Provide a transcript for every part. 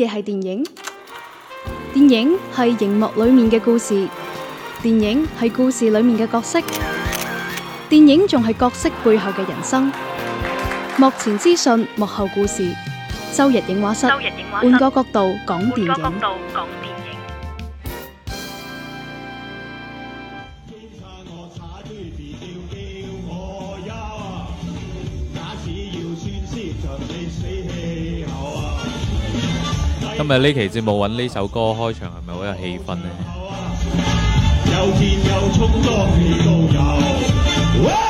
嘅係電影，電影係熒幕裏面嘅故事，電影係故事裏面嘅角色，電影仲係角色背後嘅人生。幕前資訊，幕後故事，周日映畫室，換個角度講電影。咪呢期節目揾呢首歌開場，係咪好有氣氛咧？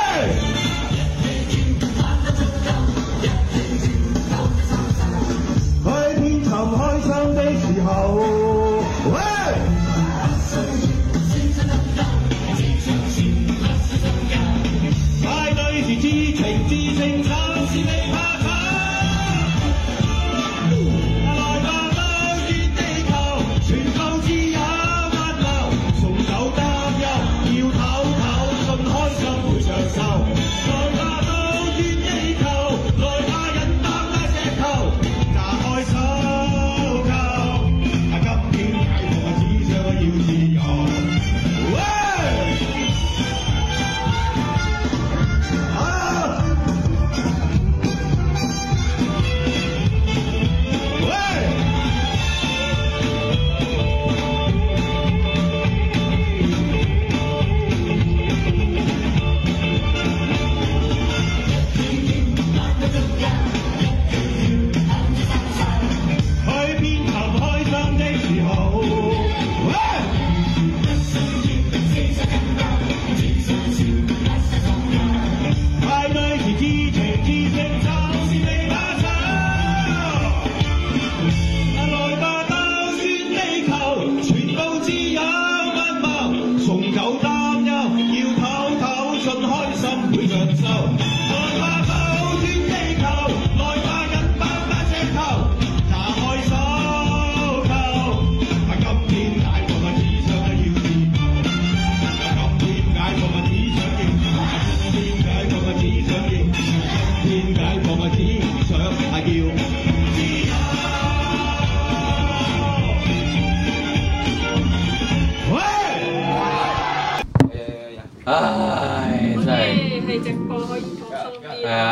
啊，係啊，係啊，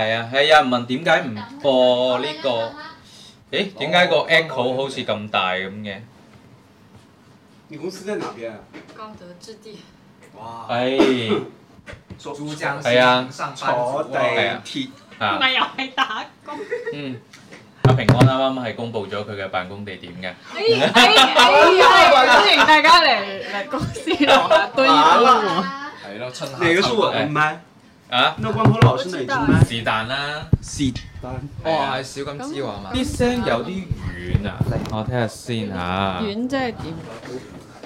係啊，係啊！問點解唔播呢個？誒，點解個 echo 好好似咁大咁嘅？你公司在哪邊啊？高德置地。哇！誒，珠江新城坐地鐵，唔係又係打工？嗯，阿平安啱啱係公佈咗佢嘅辦公地點嘅。歡迎大家嚟嚟公司度啊，對對望。哪個是我的麥？啊！呢個關口來出嚟，是但啦，是但。哦，係小金枝話嘛？啲聲有啲遠啊！我聽下先嚇。遠即係點？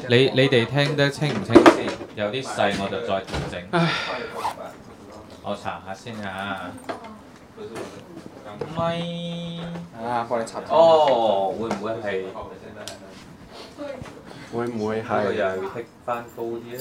你你哋聽得清唔清先？有啲細我就再調整。我查下先啊。咪，係，啊幫你查查。哦，會唔會係？會唔會係？會唔會又要剔翻高啲咧？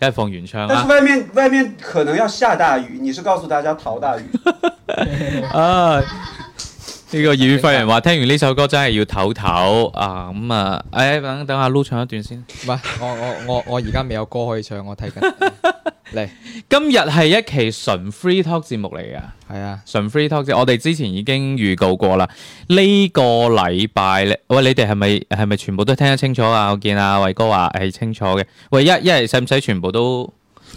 梗係放原唱啦。外面外面可能要下大雨，你是告訴大家逃大雨。啊！呢、這個粵語廢人話，聽完呢首歌真係要唞唞啊！咁、嗯、啊，誒、哎，等等下阿 Lu 唱一段先。唔 係，我我我我而家未有歌可以唱，我睇緊。啊嚟，今日係一期純 free talk 節目嚟噶，係啊，純 free talk 節，我哋之前已經預告過啦。呢、這個禮拜，喂，你哋係咪係咪全部都聽得清楚啊？我見阿、啊、偉哥話係清楚嘅。喂，一一係使唔使全部都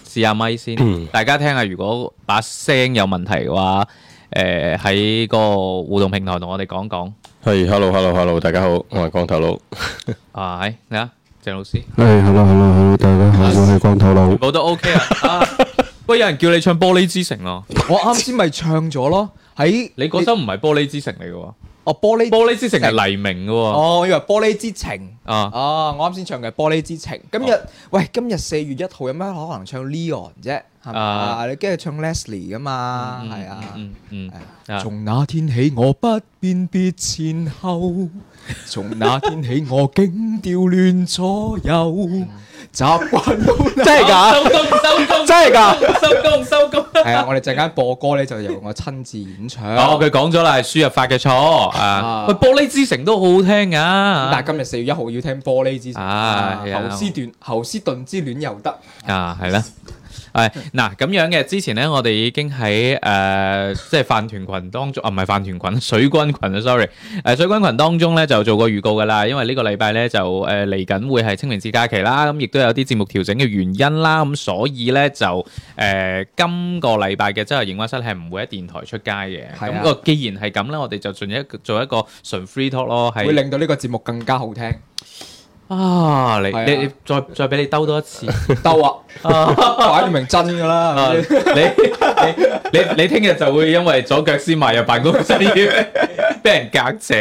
試下咪先？嗯、大家聽下，如果把聲有問題嘅話，誒、呃，喺個互動平台同我哋講講。係，hello hello hello，大家好，我係光頭佬。Hi， 咩啊？鄭老師，係， 係咯，係咯，大家好，我係光頭佬，我都 OK 啊，不、 啊、有人叫你唱《玻璃之城》咯、啊， 我啱先咪唱咗咯，喺你嗰首唔係《玻璃之城》嚟嘅，哦，《玻璃玻璃之城》係黎明嘅、啊，哦，我以為《玻璃之情》。啊！哦，我啱先唱嘅《玻璃之情》。今日、哦、喂，今日四月一號有咩可能唱 Leon 啫？係咪、啊啊、你今日唱 Leslie 噶嘛？係、嗯、啊，嗯嗯。從、嗯啊、那天起我不辨別前後，從 那天起我竟調亂左右， 習慣到真係噶、啊 啊，收工唔收工，真係噶，收工唔收工。係啊，我哋陣間播歌咧，就由我親自演唱。哦、啊，佢講咗啦，係輸入法嘅錯。啊，喂，《玻璃之城》都好好聽噶。但係今日四月一號。要聽玻璃之啊，侯斯頓，侯斯頓之戀又得啊，係啦。誒嗱咁樣嘅，之前咧我哋已經喺誒、呃、即係飯團群當中，啊唔係飯團群，水軍群。啊，sorry，誒、呃、水軍群當中咧就做過預告噶啦，因為個禮呢個禮拜咧就誒嚟緊會係清明節假期啦，咁亦都有啲節目調整嘅原因啦，咁所以咧就誒、呃、今個禮拜嘅周日映畫室係唔會喺電台出街嘅，咁個、啊、既然係咁咧，我哋就盡一做一個純 free talk 咯，係會令到呢個節目更加好聽。啊！啊你你再再你再再俾你兜多一次，兜啊！擺、啊、 明真噶啦， 你你你你聽日就會因為左腳先埋入辦公室要俾 人夾扯。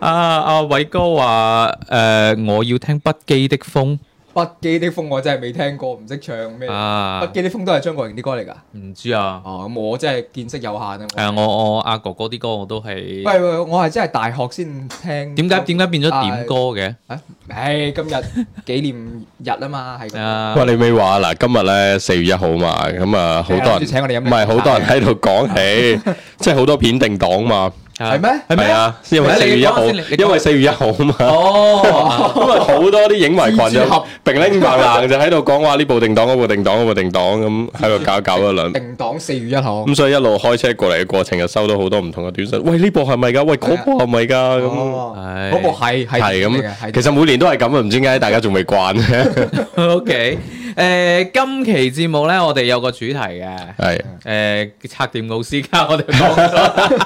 啊！阿、啊、偉哥話：誒、呃，我要聽不羈的風。北京的風我真係未聽過，唔識唱咩。北京的風都係張國榮啲歌嚟噶。唔知啊。哦，咁我真係見識有限啊。係啊，我我阿哥哥啲歌我都係。唔係，我係真係大學先聽。點解點解變咗點歌嘅？唉，今日紀念日啊嘛，係啊。喂，你未話嗱，今日咧四月一號嘛，咁啊，好多人請我哋飲，唔係好多人喺度講起，即係好多片定檔嘛。係咩？係咪啊？因為四月一號，因為四月一號啊嘛。哦，因為好多啲影迷群就并拎并拎就喺度講話呢部定檔，嗰部定檔，嗰部定檔咁喺度搞一搞一兩。定檔四月一號。咁所以一路開車過嚟嘅過程又收到好多唔同嘅短信。喂，呢部係咪噶？喂，嗰部係咪噶？咁嗰部係係咁。其實每年都係咁啊，唔知點解大家仲未慣。O K。誒，今期節目咧，我哋有個主題嘅，係誒，拆掂奧斯卡，我哋講，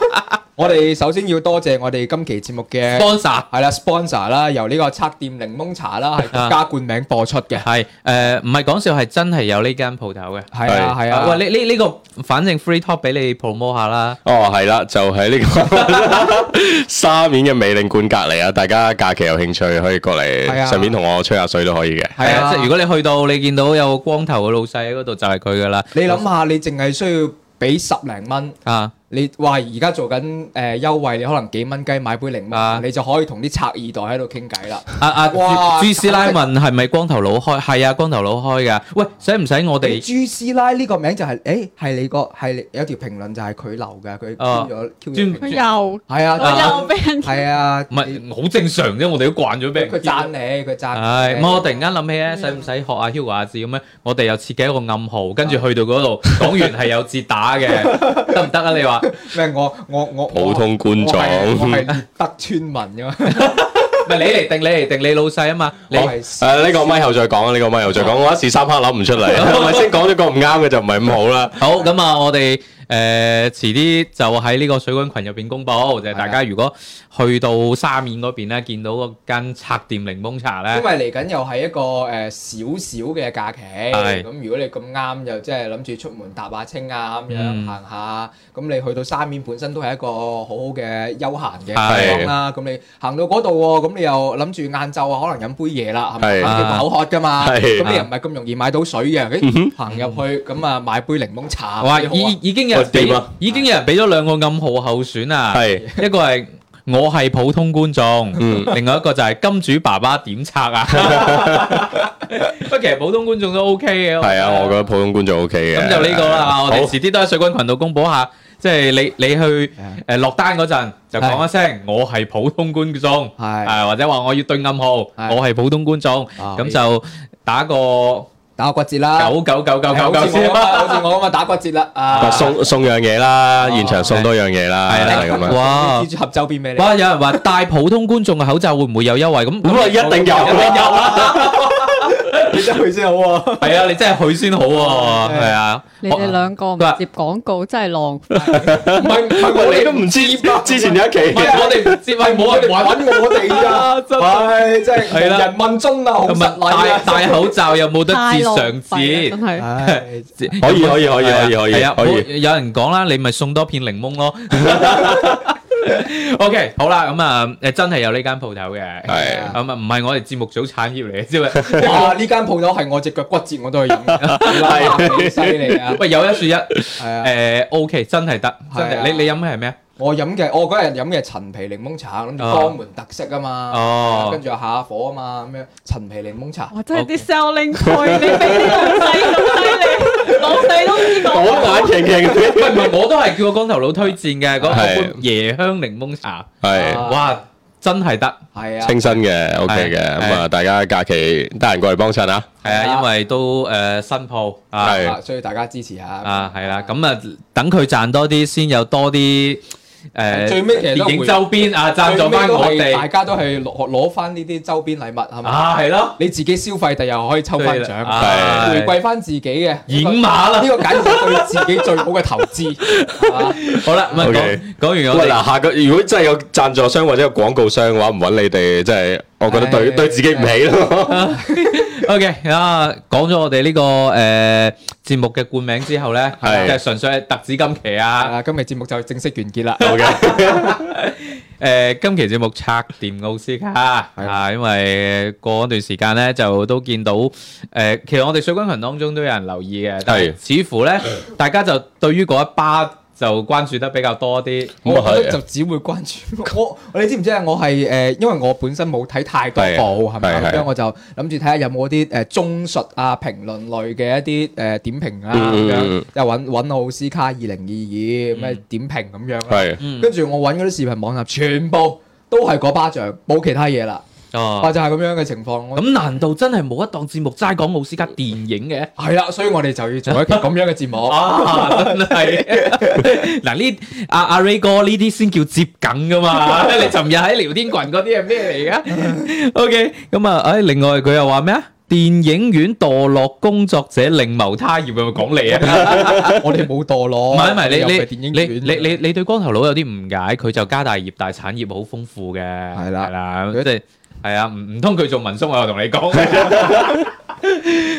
我哋首先要多謝我哋今期節目嘅 sponsor，係啦 sponsor 啦，由呢個拆掂檸檬茶啦加冠名播出嘅，係誒，唔係講笑，係真係有呢間鋪頭嘅，係啊係啊，喂呢呢呢個，反正 free talk 俾你 promo 下啦，哦係啦，就喺呢個沙面嘅美領館隔離啊，大家假期有興趣可以過嚟，順便同我吹下水都可以嘅，係啊，即係如果你去到你見到。有個光頭嘅老細喺嗰度，就係佢噶啦。你諗下，我你淨係需要俾十零蚊啊！你話而家做緊誒優惠，你可能幾蚊雞買杯檸檬，你就可以同啲拆二代喺度傾偈啦。阿阿朱師奶問係咪光頭佬開？係啊，光頭佬開嘅。喂，使唔使我哋？朱師奶呢個名就係，誒係你個係有條評論就係佢留嘅，佢 Q 咗 Q。佢又係啊，佢又俾人係啊，唔係好正常啫，我哋都慣咗俾。佢讚你，佢讚。係，唔係我突然間諗起咧，使唔使學阿 Hugo 嗰啲咁咧？我哋又設計一個暗號，跟住去到嗰度講完係有字打嘅，得唔得啊？你話？咩？我我我普通觀眾，我係得村民噶嘛 唔係你嚟定，你嚟定，你老細啊嘛？你係誒呢個，咪後再講啦，呢個咪後再講，我一時三刻諗唔出嚟，係咪 先講咗個唔啱嘅就唔係咁好啦？ 好咁啊，我哋。誒遲啲就喺呢個水軍羣入邊公佈，就係大家如果去到沙面嗰邊咧，見到嗰間拆掂檸檬茶咧，因為嚟緊又係一個誒少少嘅假期，咁如果你咁啱又即係諗住出門踏下青啊咁樣行下，咁你去到沙面本身都係一個好好嘅休閒嘅地方啦，咁你行到嗰度喎，咁你又諗住晏晝啊可能飲杯嘢啦，係咪？口渴㗎嘛，咁你又唔係咁容易買到水嘅，行入去咁啊買杯檸檬茶，哇！已已經有。已經有人俾咗兩個暗號候選啊，係一個係我係普通觀眾，嗯，另外一個就係金主爸爸點拆啊？不過其實普通觀眾都 OK 嘅，係啊，我覺得普通觀眾 OK 嘅。咁就呢個啦，我哋遲啲都喺水軍群度公佈下，即係你你去誒落單嗰陣就講一聲我係普通觀眾，係，誒或者話我要對暗號，我係普通觀眾，咁就打個。打骨折啦，九九九九九九先啊，好似我咁啊，打骨折啦啊！送送樣嘢啦，現場送多樣嘢啦，係啦，係咁樣，哇！有人話戴普通觀眾嘅口罩會唔會有優惠？咁咁啊，一定有，一定有啦。你真去先好啊！係啊，你真係去先好啊！係啊，你哋兩個唔接廣告真係浪費。唔係，你都唔知之前有一期我哋唔接，係冇人揾我哋噶，真係真係無人問津啊！同埋戴戴口罩又冇得接償志，真係可以可以可以可以可以可以。有人講啦，你咪送多片檸檬咯。O K，好啦，咁啊，真係有呢間鋪頭嘅，係咁啊，唔係我哋節目組產業嚟，即係呢間鋪頭係我隻腳骨折，我都去飲，犀利啊！喂，有一說一，係啊，誒，O K，真係得，真係，你你飲嘅係咩啊？我飲嘅，我嗰日飲嘅陳皮檸檬茶，諗住江門特色啊嘛，哦，跟住又下火啊嘛，咩陳皮檸檬茶，我真係啲 selling 你俾啲老細咁犀利。我哋都講下傾傾先，唔係我都係叫個光頭佬推薦嘅嗰款椰香檸檬茶，係哇真係得，係啊，清新嘅 OK 嘅，咁啊大家假期得閒過嚟幫襯啊，係啊，因為都誒新鋪係需要大家支持下啊，係啦，咁啊等佢賺多啲先有多啲。誒，最尾其實電影周邊啊，贊助翻我哋，大家都係攞攞翻呢啲周邊禮物，係咪？啊，係咯，你自己消費，第日可以抽翻獎，回饋翻自己嘅。演馬啦，呢個簡直係對自己最好嘅投資。好啦，咁講完我哋嗱，下個如果真係有贊助商或者有廣告商嘅話，唔揾你哋即係。我覺得對對自己唔起咯。OK 啊，講咗我哋呢個誒節目嘅冠名之後咧，係純粹係特指今期啊，今日節目就正式完結啦。OK。誒，今期節目拆掂奧斯卡啊，因為過一段時間咧，就都見到誒，其實我哋水軍群當中都有人留意嘅，但係似乎咧，大家就對於嗰一巴。就關注得比較多啲，我，嗯、我覺得就只會關注。 我你知唔知啊？我係誒，因為我本身冇睇太多部，係咪啊？咁樣，啊啊、我就諗住睇下有冇啲誒綜述啊、評論類嘅一啲誒、呃、點評啊咁樣，又揾揾奧斯卡二零二二咩點評咁樣。係、嗯。跟住我揾嗰啲視頻網站，全部都係嗰巴掌，冇其他嘢啦。啊，就係咁樣嘅情況。咁難道真係冇一檔節目齋講奧斯卡電影嘅？係啊，所以我哋就要做一期咁樣嘅節目。啊，真係。嗱呢阿阿 Ray 哥呢啲先叫接梗噶嘛？你尋日喺聊天羣嗰啲係咩嚟噶？OK。咁啊，唉，另外佢又話咩啊？電影院墮落工作者另謀他業，有冇講你啊？我哋冇墮落。唔係唔係，你你你你你你對光頭佬有啲誤解，佢就家大業大，產業好豐富嘅。係啦，係啦，即係。係、嗯、啊，唔唔通佢做文叔，我又同你講。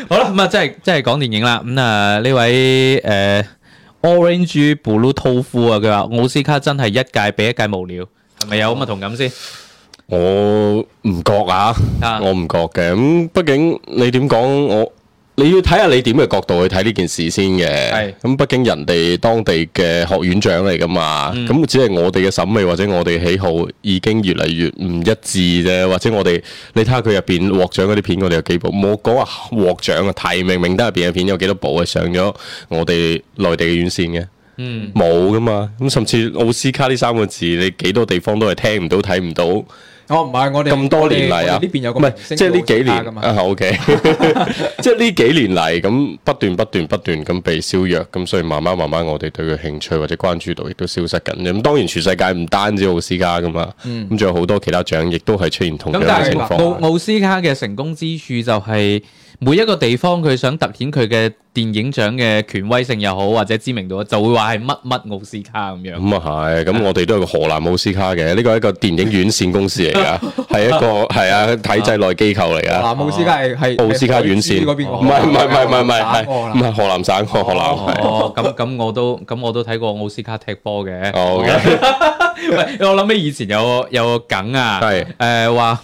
好啦，咁啊，即係即係講電影啦。咁啊，呢位誒 Orange Blue Toff 啊，佢話奧斯卡真係一屆比一屆無聊，係咪的的有咁嘅同感先？我唔覺啊，我唔覺嘅。咁畢竟你點講我？你要睇下你點嘅角度去睇呢件事先嘅。咁是畢竟人哋當地嘅學院獎嚟噶嘛？咁、嗯、只係我哋嘅審美或者我哋喜好已經越嚟越唔一致啫。或者我哋你睇下佢入邊獲獎嗰啲片，我哋有幾部？冇講話獲獎啊，提名名單入邊嘅片有幾多部啊？係上咗我哋內地嘅院線嘅？冇噶、嗯、嘛。咁甚至奧斯卡呢三個字，你幾多地方都係聽唔到、睇唔到。我唔係，我哋咁多年嚟啊，呢邊有個，唔係即係呢幾年啊，OK，即係呢幾年嚟咁不斷不斷不斷咁被削弱，咁所以慢慢慢慢我哋對佢興趣或者關注度亦都消失緊。咁當然，全世界唔單止奧斯卡噶嘛，咁仲、嗯、有好多其他獎亦都係出現同樣嘅情況。奧奧、嗯、斯卡嘅成功之處就係、是。每一個地方佢想突顯佢嘅電影獎嘅權威性又好，或者知名度，就會話係乜乜奧斯卡咁樣。咁啊係，咁我哋都係個河南奧斯卡嘅，呢個係一個電影院線公司嚟噶，係一個係啊體制內機構嚟噶。河南奧斯卡係係奧斯卡院線，唔係唔係唔係唔係唔係，唔係河南省，河南哦，咁咁我都咁我都睇過奧斯卡踢波嘅。哦，我諗起以前有個有個梗啊，係誒話。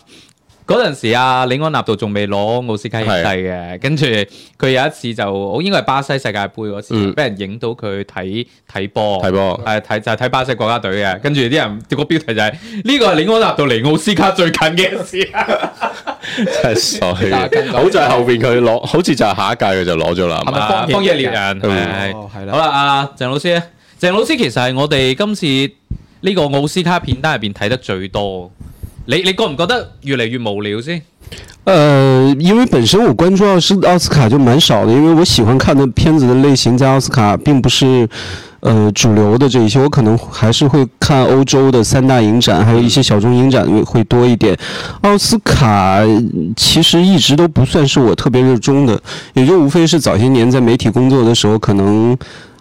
嗰陣時啊，李安納度仲未攞奧斯卡影帝嘅，跟住佢有一次就，我應該係巴西世界盃嗰時，俾人影到佢睇睇波，睇波，係睇就係睇巴西國家隊嘅，跟住啲人個標題就係呢個係李安納度離奧斯卡最近嘅事，真係傻嘅，好在後邊佢攞，好似就係下一屆佢就攞咗啦。係咪方方亦連人？係，好啦，阿鄭老師咧，鄭老師其實係我哋今次呢個奧斯卡片單入邊睇得最多。你你覺不覺得越來越無聊先？呃，因為本身我關注奧斯奧斯卡就蠻少的，因為我喜歡看的片子的類型在奧斯卡並不是，呃，主流的這一些，我可能還是會看歐洲的三大影展，還有一些小眾影展會多一點。奧斯卡其實一直都不算是我特別熱衷的，也就無非是早些年在媒體工作的時候，可能，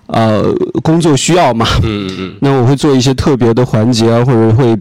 呃，工作需要嘛，嗯嗯，那我會做一些特別的環節啊，或者會。會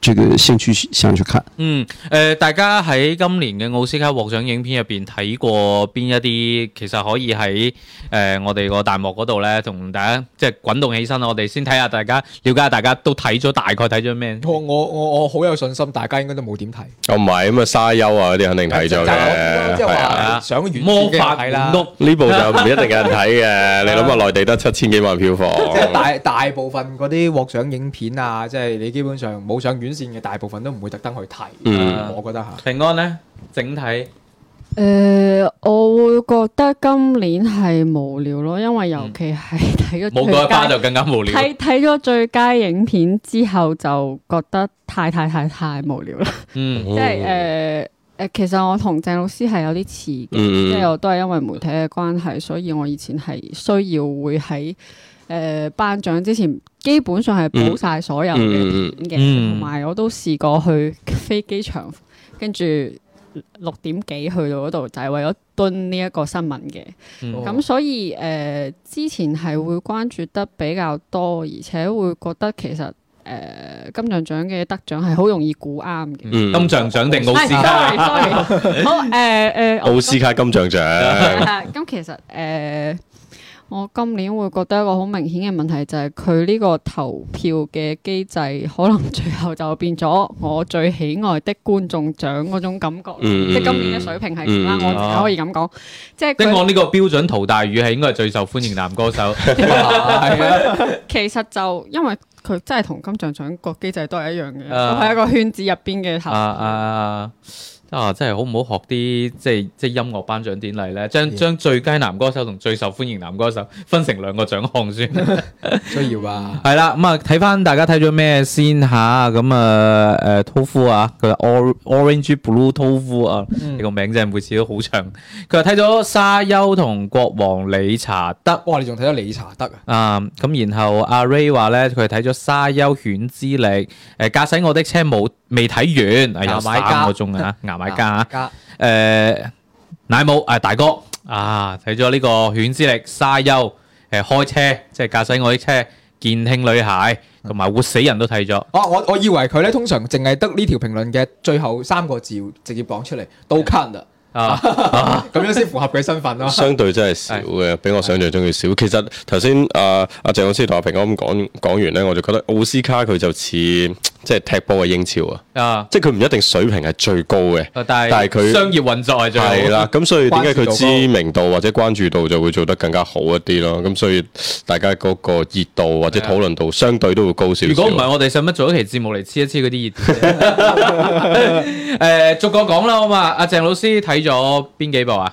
這個興趣想去看，嗯，誒、呃，大家喺今年嘅奧斯卡獲獎影片入邊睇過邊一啲，其實可以喺誒、呃、我哋個彈幕嗰度咧，同大家即係滾動起身，我哋先睇下大家了解下，大家都睇咗大概睇咗咩？我我我我好有信心，大家應該都冇點睇。哦，唔係，咁啊沙丘啊嗰啲肯定睇咗嘅，係啊，想遠啲睇啦。呢部就唔一定人 想想有人睇嘅，你諗下內地得七千幾萬票房，即係 大大，大部分嗰啲獲獎影片啊，即、就、係、是、你基本上冇上線嘅大部分都唔會特登去提，嗯、我覺得吓。平安咧，整體誒，我會覺得今年係無聊咯，因為尤其係睇咗最佳就更加無聊。睇睇咗最佳影片之後，就覺得太太太太無聊啦。嗯，即係誒誒，其實我同鄭老師係有啲似嘅，即係、嗯、我都係因為媒體嘅關係，所以我以前係需要會喺。誒頒獎之前基本上係補晒所有嘅片嘅，同埋、yeah. mm. mm. 我都試過去飛機場，跟住六點幾去到嗰度，就係為咗蹲呢一個新聞嘅。咁 Yeah. 所以誒，uh, 之前係會關注得比較多，而且會覺得其實誒、uh, 金像獎嘅得獎係好容易估啱嘅。Mm. 金像獎定奧斯卡？ 哎、好誒誒，uh, uh, uh, 奧斯卡金像獎。咁、uh, uh, uh, 其實誒。Uh, 我今年會覺得一個好明顯嘅問題就係佢呢個投票嘅機制，可能最後就變咗我最喜愛的觀眾獎嗰種感覺。嗯、即係今年嘅水平係點？嗯、我可以咁講，啊、即係我呢個標準，陶大宇係應該係最受歡迎男歌手。其實就因為佢真係同金像獎個機制都係一樣嘅，係、啊、一個圈子入邊嘅投票。啊啊啊啊，真係好唔好學啲即係即係音樂頒獎典禮咧？將將最佳男歌手同最受歡迎男歌手分成兩個獎項先，需要啊。係啦，咁啊睇翻大家睇咗咩先嚇？咁啊誒 Tofu 啊，佢話 Orange Blue Tofu 啊，呢個名真係每次都好長。佢又睇咗沙丘同國王理查德。哇，你仲睇咗理查德啊？啊，咁然後阿 Ray 話咧，佢睇咗沙丘、犬之力，誒駕駛我的車冇未睇完，有三個鐘啊。買家誒，奶母誒、啊，大哥啊，睇咗呢個犬之力、沙丘誒、啊，開車即係駕駛我啲車，健聽女孩同埋活死人都睇咗。哦、啊，我我以為佢咧，通常淨係得呢條評論嘅最後三個字直接講出嚟，都 cut 啊，咁、啊、 樣先符合佢身份咯。相對真係少嘅，的比我想象中要少。的其實頭先阿阿鄭老師同阿平哥咁講講完咧，我就覺得奧斯卡佢就似。即係踢波嘅英超啊！啊，即係佢唔一定水平係最高嘅、啊，但係佢商業運作係最高。係啦，咁所以點解佢知名度或者關注度就會做得更加好一啲咯？咁所以大家嗰個熱度或者討論度相對都會高少少、啊。如果唔係，我哋使乜做一期節目嚟黐一黐嗰啲熱？誒， 逐個講啦，好嘛？阿鄭老師睇咗邊幾部啊？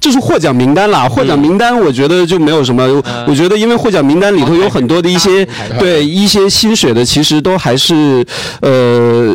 這是獲獎名單啦，嗯、獲獎名單我覺得就沒有什麼。嗯、我覺得因為獲獎名單裏頭有很多的一些，嗯、對一些薪水的，其實都還是，呃。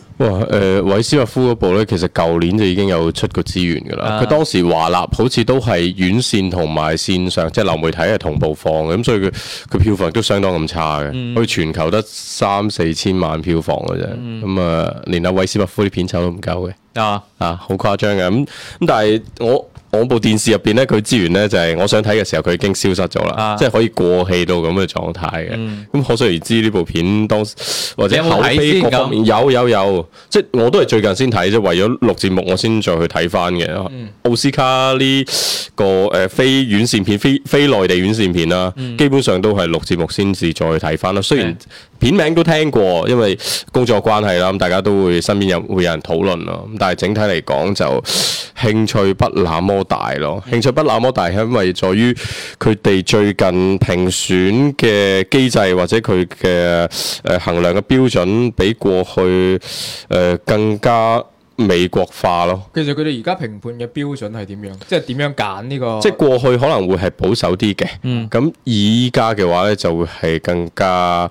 哇！誒、呃，韋斯麥夫嗰部咧，其實舊年就已經有出過資源㗎啦。佢、啊、當時華納好似都係院線同埋線上，即、就、係、是、流媒體係同步放嘅，咁所以佢佢票房都相當咁差嘅，佢、嗯、全球得三四千萬票房嘅啫。咁啊、嗯嗯呃，連阿韋斯麥夫啲片酬都唔夠嘅。啊啊，好誇張嘅咁咁，但係我我部電視入邊咧，佢資源咧就係、是、我想睇嘅時候，佢已經消失咗啦，啊、即係可以過氣到咁嘅狀態嘅。咁、嗯、可想而知呢部片當時或者口碑各方面，有有有，即係我都係最近先睇啫，為咗錄節目我先再去睇翻嘅。奧、嗯、斯卡呢、這個誒、呃、非院線片，非非內地院線片啦，嗯、基本上都係錄節目先至再去睇翻啦。雖然。嗯片名都聽過，因為工作關係啦，大家都會身邊有會有人討論咯。但係整體嚟講就興趣不那麼大咯。興趣不那麼大係因為在於佢哋最近評選嘅機制或者佢嘅誒衡量嘅標準比過去誒、呃、更加美國化咯。其實佢哋而家評判嘅標準係點樣？即係點樣揀呢個？即係過去可能會係保守啲嘅。嗯。咁而家嘅話呢，就會係更加。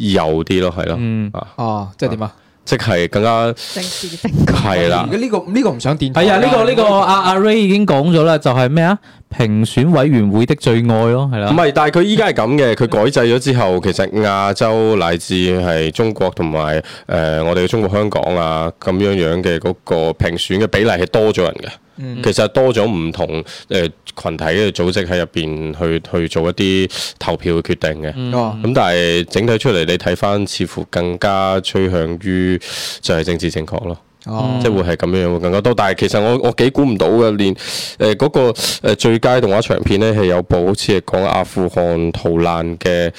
柔啲咯，係咯，哦，即係點啊？啊即係更加，係啦，而家呢個呢個唔想點？係啊，呢個呢個阿阿、啊、Ray 已經講咗啦，就係咩啊？評選委員會的最愛咯，係啦。唔係，但係佢依家係咁嘅，佢改制咗之後，其實亞洲乃至係中國同埋誒我哋中國香港啊咁樣樣嘅嗰個評選嘅比例係多咗人嘅。嗯、其實多咗唔同誒、呃、羣體嘅組織喺入邊去去做一啲投票決定嘅，咁、嗯哦嗯、但係整體出嚟你睇翻似乎更加趨向於就係政治正確咯，哦、即係會係咁樣樣會更加多。但係其實我我幾估唔到嘅，連誒嗰、呃嗰個最佳動畫長片咧係有部好似係講阿富汗逃難嘅。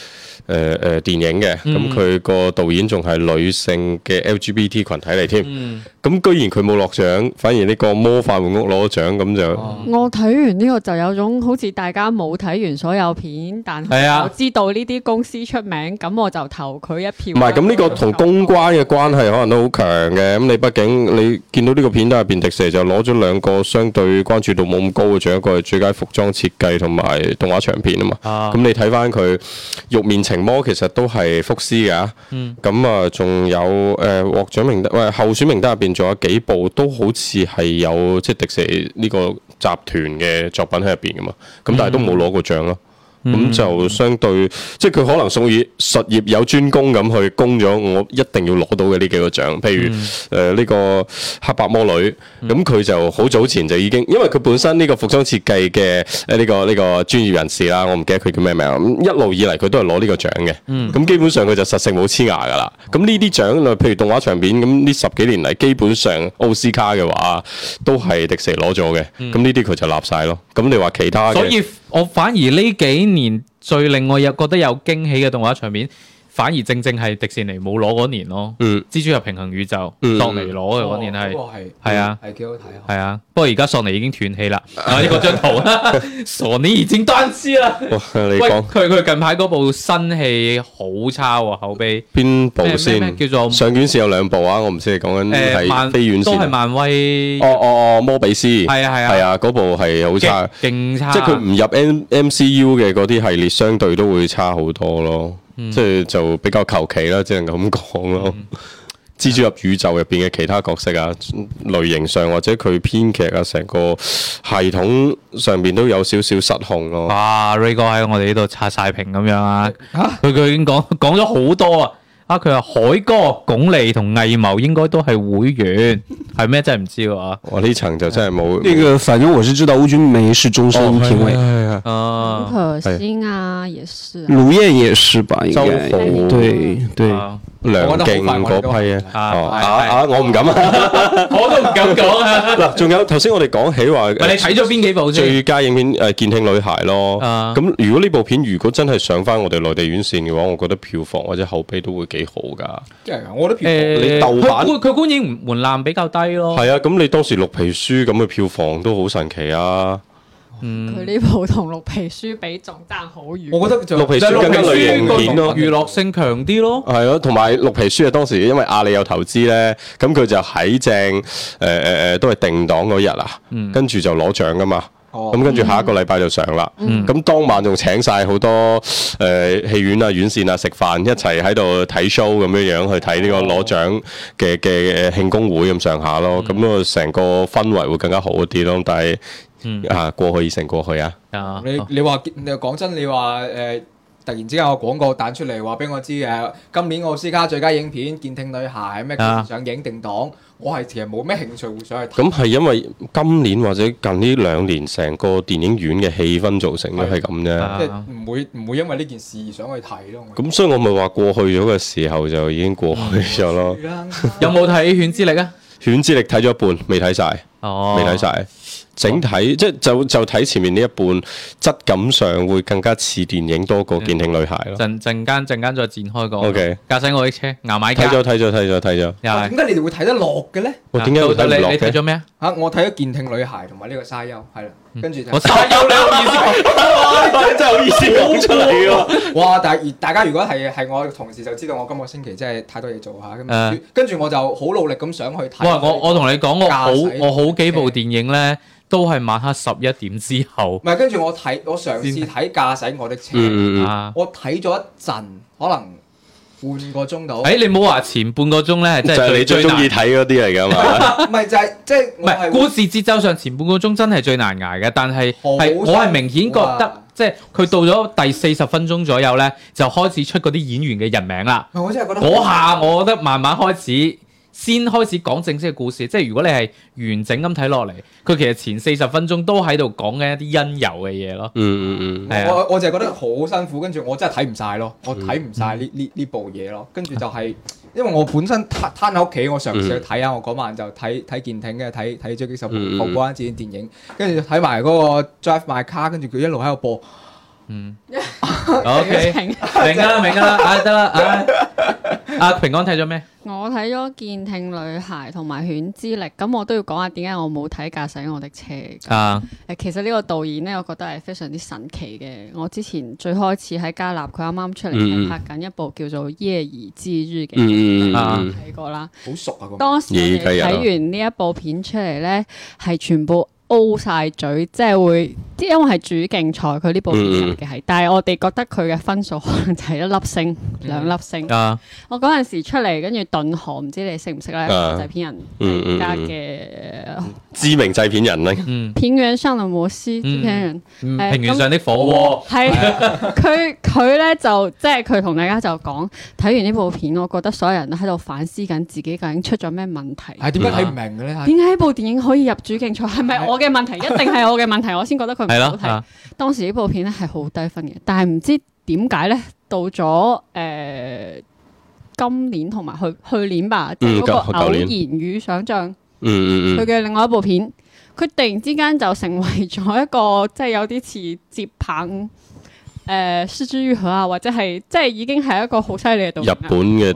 誒誒、呃，電影嘅，咁佢個導演仲係女性嘅 LGBT 羣體嚟添，咁、嗯、居然佢冇落獎，反而呢個魔法滿屋攞獎咁就，啊、我睇完呢個就有種好似大家冇睇完所有片，但係我知道呢啲公司出名，咁、啊、我就投佢一票一。唔係，咁呢個同公關嘅關係可能都好強嘅，咁你畢竟你見到呢個片都係變色蛇就攞咗兩個相對關注度冇咁高嘅獎，一個係最佳服裝設計同埋動畫長片啊嘛，咁你睇翻佢肉面。屏魔其實都係福斯嘅，咁啊、嗯，仲有誒獲獎名單，喂，候選名單入邊仲有幾部都好似係有即係迪士尼呢個集團嘅作品喺入邊㗎嘛，咁但係都冇攞過獎咯。嗯咁、嗯、就相對，即係佢可能屬於術業有專攻咁去供咗，我一定要攞到嘅呢幾個獎，譬如誒呢、嗯呃這個黑白魔女，咁佢、嗯、就好早前就已經，因為佢本身呢個服裝設計嘅誒呢個呢、這個專業人士啦，我唔記得佢叫咩名，咁一路以嚟佢都係攞呢個獎嘅，咁、嗯、基本上佢就實性冇黐牙噶啦。咁呢啲獎譬如動畫長片，咁呢十幾年嚟基本上奧斯卡嘅話，都係迪士尼攞咗嘅，咁呢啲佢就立晒咯。咁你話其他我反而呢幾年最令我有覺得有驚喜嘅動畫場面。反而正正係迪士尼冇攞嗰年咯，蜘蛛俠平行宇宙，索尼攞嘅嗰年係，係啊，係幾好睇啊，係啊，不過而家索尼已經斷氣啦。啊，呢個張圖啦，索尼已經斷氣啦。你講，佢佢近排嗰部新戲好差，口碑邊部先？叫做上卷是有兩部啊，我唔知係講緊係漫威，都係漫威。哦哦哦，魔比斯，係啊係啊，係啊，嗰部係好差，勁差，即係佢唔入 M MCU 嘅嗰啲系列，相對都會差好多咯。嗯、即係就比較求其啦，只能咁講咯。嗯、 蜘蛛入宇宙入邊嘅其他角色啊，的類型上或者佢編劇啊，成個系統上面都有少少失控咯、啊。啊 Ray 哥喺我哋呢度刷晒屏咁樣啊！佢佢、啊、已經講講咗好多啊！佢話、啊、海哥、鞏俐同藝謀應該都係會員，係咩？ 真係唔知喎啊！我呢 層就真係冇呢個，反正我是知道鄔君梅是終身會員、哦哎、呀啊，吳可欣啊是也是啊，盧燕也是吧，應該對對。對啊。兩勁嗰批啊！吓吓，我唔敢啊！我都唔敢講啊！嗱，仲有頭先我哋講起話，你睇咗邊幾部最佳影片？誒，《健聽女孩》咯，咁如果呢部片如果真係上翻我哋內地院線嘅話，我覺得票房或者口碑都會幾好噶。真係噶，我覺得票房誒，佢佢佢觀影門檻比較低咯。係啊，咁你當時綠皮書咁嘅票房都好神奇啊！佢呢部同《綠皮書》比仲爭好遠，我覺得就綠皮書更加類型片咯，娛樂性強啲咯。係咯，同埋《綠皮書》啊，當時因為阿里有投資咧，咁佢就喺正誒誒誒，都係定檔嗰日啊，跟住就攞獎噶嘛。哦，咁跟住下一個禮拜就上啦。嗯，咁當晚仲請晒好多誒戲院啊、院線啊食飯，一齊喺度睇 show 咁樣樣去睇呢個攞獎嘅嘅慶功會咁上下咯。咁啊，成個氛圍會更加好啲咯。但係嗯啊，過去已成過去啊！你你話你講真，你話誒，突然之間有廣告彈出嚟，話俾我知誒，今年奧斯卡最佳影片《健聽女孩》咩想影定檔？我係其實冇咩興趣，會想去睇。咁係因為今年或者近呢兩年成個電影院嘅氣氛造成咧，係咁啫。即係唔會唔會因為呢件事而想去睇咯。咁所以我咪話過去咗嘅時候就已經過去咗咯。有冇睇《犬之力》啊？《犬之力》睇咗一半，未睇晒。哦，未睇晒。整體即係就就睇前面呢一半質感上會更加似電影多過《健聽女孩》咯。陣陣間陣間再展開講。O K，駕駛我啲車，牙買睇咗睇咗睇咗睇咗，又係。點解你哋會睇得落嘅咧？我點解會睇得落嘅？你睇咗咩吓，我睇咗《健聽女孩》同埋呢個《沙丘》，係啦，跟住。就。我沙丘你好意思，真係好意思講出嚟啊！哇，但係大家如果係係我同事，就知道我今個星期真係太多嘢做下咁。跟住我就好努力咁想去睇。我我同你講，我好我好幾部電影咧。都係晚黑十一點之後。唔係，跟住我睇，我上次睇駕駛我的車、嗯、啊，我睇咗一陣，可能半個鐘到。誒、欸，你冇話前半個鐘咧，真係你最中意睇嗰啲嚟噶嘛？唔係 就係、是、即係，唔係故事節奏上前半個鐘真係最難捱嘅。但係係、啊、我係明顯覺得，即係佢到咗第四十分鐘左右咧，就開始出嗰啲演員嘅人名啦。我真係覺得下，我覺得慢慢開始。先開始講正式嘅故事，即係如果你係完整咁睇落嚟，佢其實前四十分鐘都喺度講緊一啲因由嘅嘢咯。嗯嗯嗯，係、嗯、啊的，我我就係覺得好辛苦，跟住我真係睇唔晒咯，我睇唔晒呢呢呢部嘢咯。跟住就係、是、因為我本身攤攤喺屋企，我嘗試去睇下、嗯、我嗰晚就睇睇艦艇嘅睇睇追擊十號關戰電影，跟住就睇埋嗰個 Drive My Car，跟住佢一路喺度播。嗯，O K，明啦，明啦，得啦，阿平安睇咗咩？我睇咗《健聽女孩》同埋《犬之力》，咁我都要講下點解我冇睇《駕駛我的車》啊？其實呢個導演呢，我覺得係非常之神奇嘅。我之前最開始喺加納，佢啱啱出嚟拍緊一部叫做《夜以之於》嘅、嗯，嗯嗯嗯，睇過啦，好熟啊，當時睇完呢一部片出嚟呢，係全部。煲晒嘴，即係會，因為係主競賽，佢呢部片嘅係，但係我哋覺得佢嘅分數可能就係一粒星、兩粒星。我嗰陣時出嚟，跟住頓河，唔知你識唔識咧？製片人，嗯家嘅知名製片人咧，平原上的摩西製片人，《平原上的火鍋》係佢，佢咧就即係佢同大家就講，睇完呢部片，我覺得所有人喺度反思緊自己究竟出咗咩問題。係點解睇唔明嘅咧？點解呢部電影可以入主競賽？係咪我？嘅問題一定係我嘅問題， 我先覺得佢唔好睇。的當時呢部片咧係好低分嘅，但係唔知點解咧，到咗誒、呃、今年同埋去去年吧，即係嗰個偶然與想像，嗯，佢嘅另外一部片，佢、嗯嗯、突然之間就成為咗一個即係、就是、有啲似接棒。誒，失之如何啊？或者係即係已經係一個好犀利嘅導演、啊。日本嘅、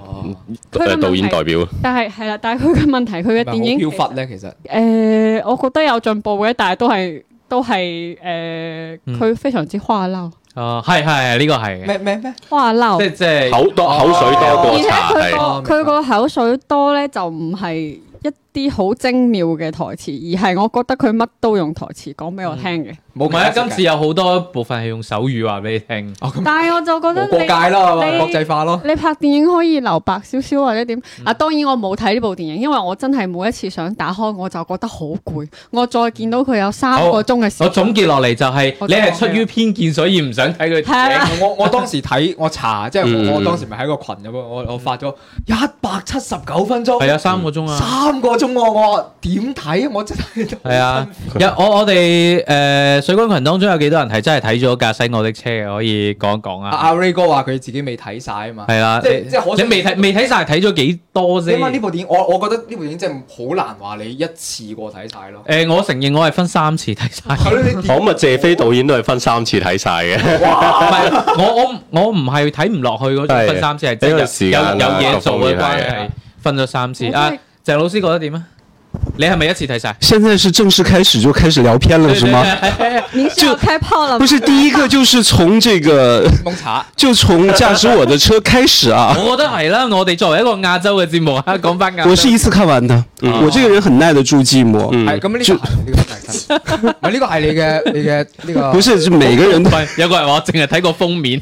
呃、導演代表。但係係啦，但係佢嘅問題，佢嘅電影。票房咧，其實。誒、呃，我覺得有進步嘅，但係都係都係誒，佢、呃嗯、非常之花溜。啊、哦，係係係，呢、這個係。咩咩咩？花溜生。即即係口多口水多過茶。哦、而且佢佢個口水多咧，就唔係一。啲好精妙嘅台詞，而係我覺得佢乜都用台詞講俾我聽嘅。冇咪啊！今次有好多部分係用手語話俾你聽，但係我就覺得你國際化咯。你拍電影可以留白少少或者點？啊，當然我冇睇呢部電影，因為我真係每一次想打開我就覺得好攰。我再見到佢有三個鐘嘅時候，我總結落嚟就係，你係出於偏見，所以唔想睇佢啲嘢。我我當時睇我查，即係我當時咪喺個群，我我發咗一百七十九分鐘，係啊，三個鐘啊，三個鐘。咁我點睇？我真係係啊！我我哋誒水軍群當中有幾多人係真係睇咗駕駛我的車？可以講講啊！阿 Ray 哥話佢自己未睇晒啊嘛，係啦，即即係可。你未睇未睇曬，睇咗幾多啫？因為呢部電影，我我覺得呢部電影真係好難話你一次過睇晒咯。誒，我承認我係分三次睇晒。好啊，謝飛導演都係分三次睇晒嘅。唔係，我我我唔係睇唔落去嗰種分三次係，即係有有嘢做嘅關係，分咗三次啊。鄭老師覺得點啊？你係咪一次睇晒？現在是正式開始就開始聊天了，是嗎？就開炮啦！不是第一個，就是從這個就從駕駛我的車開始啊！我覺得係啦，我哋作為一個亞洲嘅節目，啊。講翻亞。我是一次看完的，我這個人很耐得住寂寞。係咁呢個呢個例子，唔係呢個係你嘅你嘅呢個。不是，是每個人都有個人話我淨係睇過封面。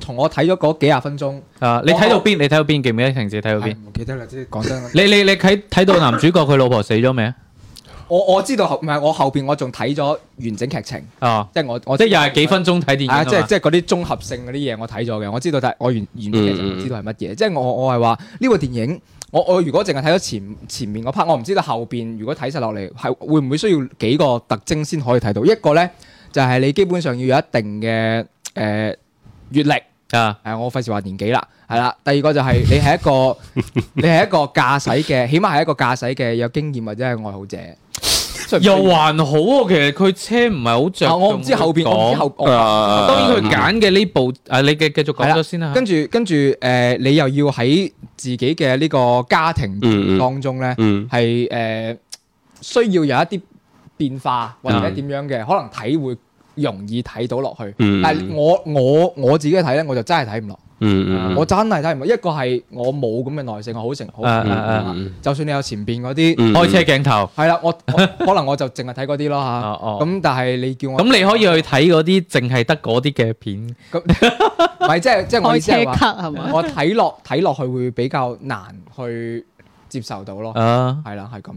同我睇咗嗰幾廿分鐘，啊，你睇到邊？你睇到邊，記唔記得情節睇到邊？唔記得啦，即講真。你你你睇睇到男主角佢老婆死咗未啊？ 我我知道後唔係我後邊，我仲睇咗完整劇情。哦，即係我我即係又係幾分鐘睇電影，即係即係嗰啲綜合性嗰啲嘢我睇咗嘅，我知道但係我完完整劇情唔知道係乜嘢。即係我我係話呢部電影，我我如果淨係睇咗前前面嗰 part，我唔知道後邊，如果睇晒落嚟係會唔會需要幾個特徵先可以睇到？一個咧就係、是、你基本上要有一定嘅誒。呃呃閱歷啊，誒，我費事話年紀啦，係啦。第二個就係你係一個，你係一個駕駛嘅，起碼係一個駕駛嘅有經驗或者係愛好者。又還好啊，其實佢車唔係好著。我唔知後邊，我唔知後，當然佢揀嘅呢部，誒，你繼繼續講咗先啦。跟住，跟住，誒，你又要喺自己嘅呢個家庭當中咧，係誒需要有一啲變化或者點樣嘅，可能體會。容易睇到落去，但係我我我自己睇咧，我就真係睇唔落，嗯、我真係睇唔落。一個係我冇咁嘅耐性，我好成好，成啊啊、就算你有前邊嗰啲開車鏡頭，係啦、啊，我，我，我可能我就淨係睇嗰啲咯嚇。咁但係你叫我咁， 你可以去睇嗰啲淨係得嗰啲嘅片，唔係即係即係我意思係話，我睇落睇落去會比較難去接受到咯。係啦、啊，係咁、啊。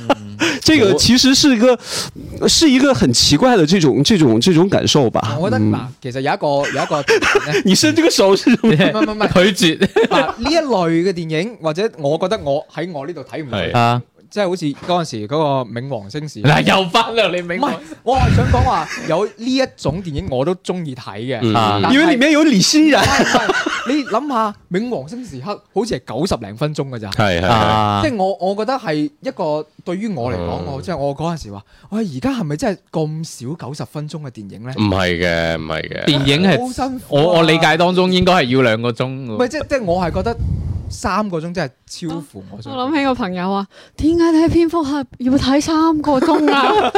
這個其實是一個，是一個很奇怪的這種這種這種感受吧。我覺得、嗯、其實有一個有一個， 你伸這個手是唔係唔係拒絕。嗱呢一類嘅電影，或者我覺得我喺我呢度睇唔到。即係好似嗰陣時嗰個《冥王星時》，嗱又翻啦你冥王。唔係，我係想講話有呢一種電影我都中意睇嘅。嗯。要唔要嚟？要嚟先啊！你諗下，《冥王星時刻》好似係九十零分鐘㗎咋？係係。即係我，我覺得係一個對於我嚟講，我即係我嗰陣時話，喂而家係咪真係咁少九十分鐘嘅電影咧？唔係嘅，唔係嘅。電影係好辛苦。我我理解當中應該係要兩個鐘。唔係，即係即係我係覺得。三個鐘真係超乎、啊、我。想我諗起個朋友啊，點解睇蝙蝠俠要睇三個鐘啊？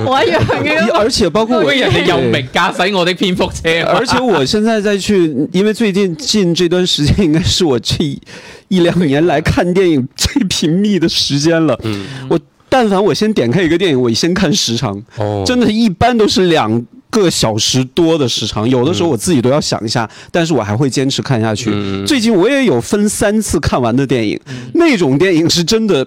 一模一樣嘅。而且包括我又明駕駛我的蝙蝠車。 而且我現在再去，因為最近近這段時間，應該是我這一, 一兩年來看電影最頻密的時間了。嗯、我但凡我先點開一個電影，我先看時長。哦，真的，一般都是兩。個小時多的時長，有的時候我自己都要想一下，但是我還會堅持看下去。最近我也有分三次看完的電影，那種電影是真的。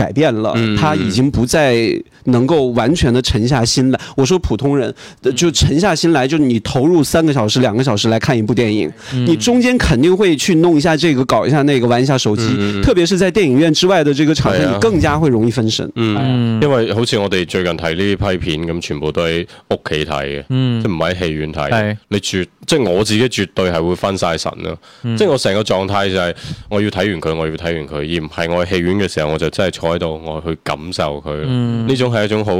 改變了，他已經不再能夠完全的沉下心來。我說普通人就沉下心來，就你投入三個小時、兩個小時來看一部電影，你中間肯定會去弄一下這個、搞一下那個、玩一下手機。特別是在電影院之外的這個場合，你更加會容易分神。嗯，因為好似我哋最近睇呢批片咁，全部都喺屋企睇嘅，即係唔喺戲院睇。你絕即係我自己絕對係會分晒神咯，即係我成個狀態就係我要睇完佢，我要睇完佢，而唔係我喺戲院嘅時候我就真係坐。度我，我去感受佢，呢、嗯、種係一種好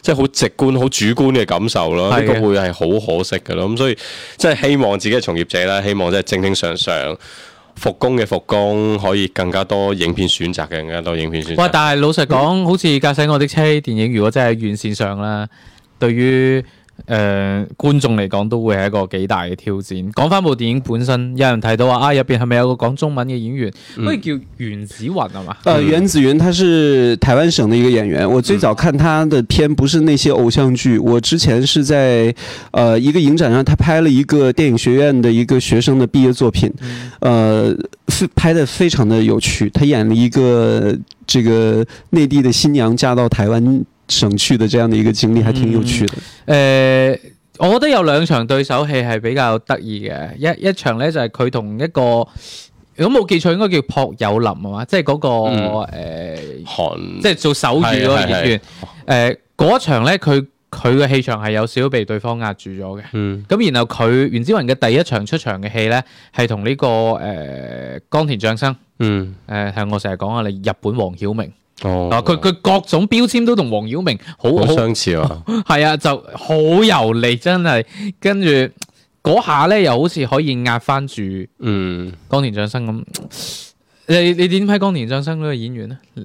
即係好直觀、好主觀嘅感受咯。呢的個會係好可惜㗎咯。咁所以即係希望自己嘅從業者啦，希望即係正正常常復工嘅復工，可以更加多影片選擇嘅，更加多影片選擇。哇！但係老實講，嗯、好似駕駛我的車電影，如果真係院綫上啦，對於誒、呃，觀眾嚟講都會係一個幾大嘅挑戰。講翻部電影本身，有人提到話啊，入邊係咪有個講中文嘅演員？嗯、可以叫袁子雲啊嘛。誒、呃，袁子雲，他是台灣省嘅一個演員。嗯、我最早看他的片，不是那些偶像劇。我之前是在誒、呃、一個影展上，他拍了一個電影學院的一個學生的畢業作品，誒、呃，拍得非常的有趣。他演了一個這個內地的新娘嫁到台灣。省去的這樣的一個經歷，還挺有趣的。誒，我覺得有兩場對手戲係比較得意嘅，一一場呢，就係佢同一個，如果冇記錯應該叫朴有林啊嘛，即係嗰個誒，即係做手語嗰個演員。誒，嗰一場呢，佢佢嘅氣場係有少少被對方壓住咗嘅。咁然後佢袁子雲嘅第一場出場嘅戲呢，係同呢個誒岡田將生。嗯，誒係我成日講啊,你日本黃曉明。哦，嗱佢佢各種標籤都同黃曉明好好相似喎，啊，係 啊，就好油膩真係，跟住嗰下咧又好似可以壓翻住，嗯，江田長生咁，你你點睇江田長生呢個演員咧？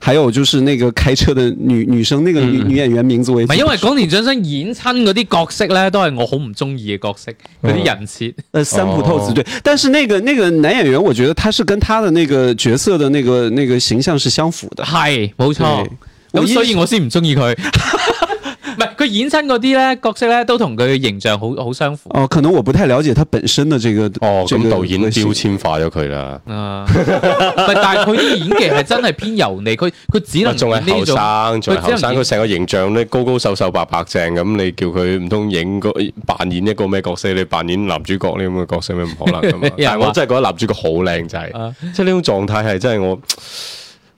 還有就是那個開車的女女生，那個女女演員名字為，唔、嗯、因為港蓮長生演親嗰啲角色咧，都係我好唔中意嘅角色，嗰啲、嗯、人設、呃，三不透子對。但是那個那個男演員，我覺得他是跟他的那個角色的那個那個形象是相符的，係冇錯，咁所，以意所以我先唔中意佢。 唔係佢演親嗰啲咧角色咧，都同佢嘅形象好好相符。哦，可能我不太了解他本身的這個哦，咁導演都標籤化咗佢以啦。啊， 但係佢啲演技係真係偏油膩，佢佢只能仲係後生，仲後生，佢成個形象咧高高瘦瘦白白淨咁，你叫佢唔通影個扮演一個咩角色？你扮演男主角呢咁嘅角色咩唔可能？ 但係我真係覺得男主角好靚仔，即係呢種狀態係真係我。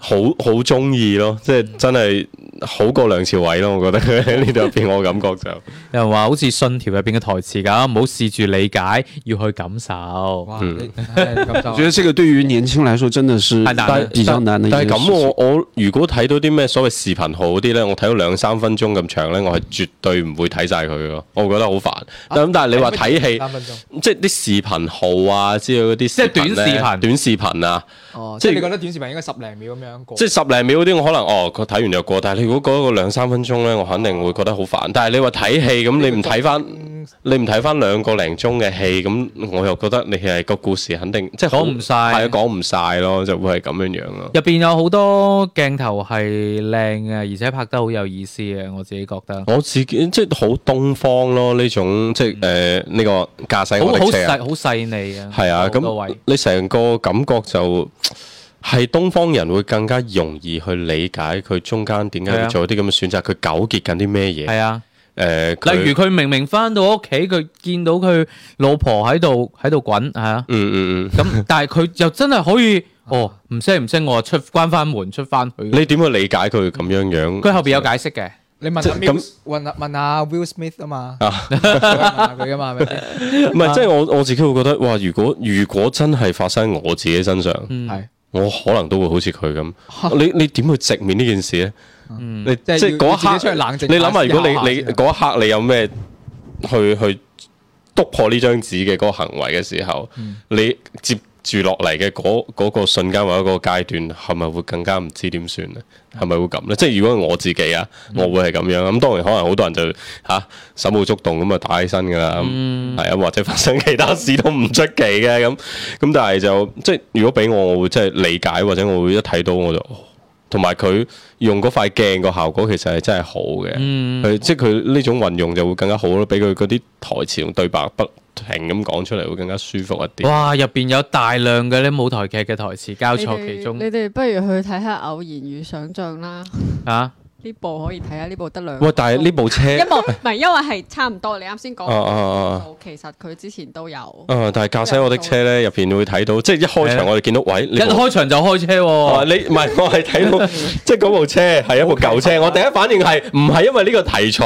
好好中意咯，即係真係好過梁朝偉咯，我覺得喺呢度入邊， 我感覺就 又話好似信條入邊嘅台詞噶，唔好試住理解，要去感受。嗯，我覺得這個對於年輕人來說，真的、啊、是係比較難。但係咁，我如果睇到啲咩所謂視頻號嗰啲咧，我睇到兩三分鐘咁長咧，我係絕對唔會睇晒佢咯。我覺得好煩。咁但係你話睇戲，即係啲視頻號啊，之類嗰啲，即係短視頻，短視頻啊。即係你覺得短視頻應該十零秒咁樣過？即係即十零秒嗰啲，我可能哦，佢睇完就過。但係你如果過一個兩三分鐘咧，我肯定會覺得好煩。但係你話睇戲咁，嗯、你唔睇翻，嗯、你唔睇翻兩個零鐘嘅戲咁，我又覺得你係個故事肯定即係講唔晒，係啊，講唔晒咯，就會係咁樣樣啦。入邊有好多鏡頭係靚嘅，而且拍得好有意思嘅，我自己覺得。我自己即係好東方咯，呢種即係誒呢個駕駛好細好細膩啊，係啊，咁你成個感覺就～係東方人會更加容易去理解佢中間點解要做啲咁嘅選擇，佢糾結緊啲咩嘢？係啊，誒，呃、例如佢明明翻到屋企，佢見到佢老婆喺度喺度滾，係啊，嗯嗯嗯，咁但係佢又真係可以， 哦，唔識唔識我出關翻門出翻去，你點去理解佢咁樣樣？佢、嗯、後邊有解釋嘅。你問問問阿 Will Smith 啊嘛，問下佢啊嘛，係咪？唔係即係我我自己會覺得哇！如果如果真係發生我自己身上，係我可能都會好似佢咁。你你點去直面呢件事咧？你即係嗰一刻，你諗下如果你你嗰一刻你有咩去去督破呢張紙嘅嗰個行為嘅時候，你接住落嚟嘅嗰嗰個瞬間，或者一個階段，係咪會更加唔知點算咧？係咪會咁呢？即係如果我自己啊，我會係咁樣。咁當然可能好多人就吓、啊、手舞足動咁啊打起身噶啦，係、嗯、啊，或者發生其他事都唔出奇嘅咁咁但係就即係如果俾我，我會即係理解或者我會一睇到我就同埋佢用嗰塊鏡個效果其實係真係好嘅。佢、嗯、即係佢呢種運用就會更加好咯。俾佢嗰啲台詞對白不停咁講出嚟會更加舒服一啲。哇！入邊有大量嘅呢舞台劇嘅台詞交錯其中。你哋不如去睇下《偶然與想像》啦。 啊？呢部可以睇啊！呢部得兩。喂，但係呢部車，一部唔係因為係差唔多，你啱先講。哦，其實佢之前都有。但係駕駛我的車咧，入邊會睇到，即係一開場我哋見到位。一開場就開車喎。你唔係我係睇到，即係嗰部車係一部舊車。我第一反應係唔係因為呢個題材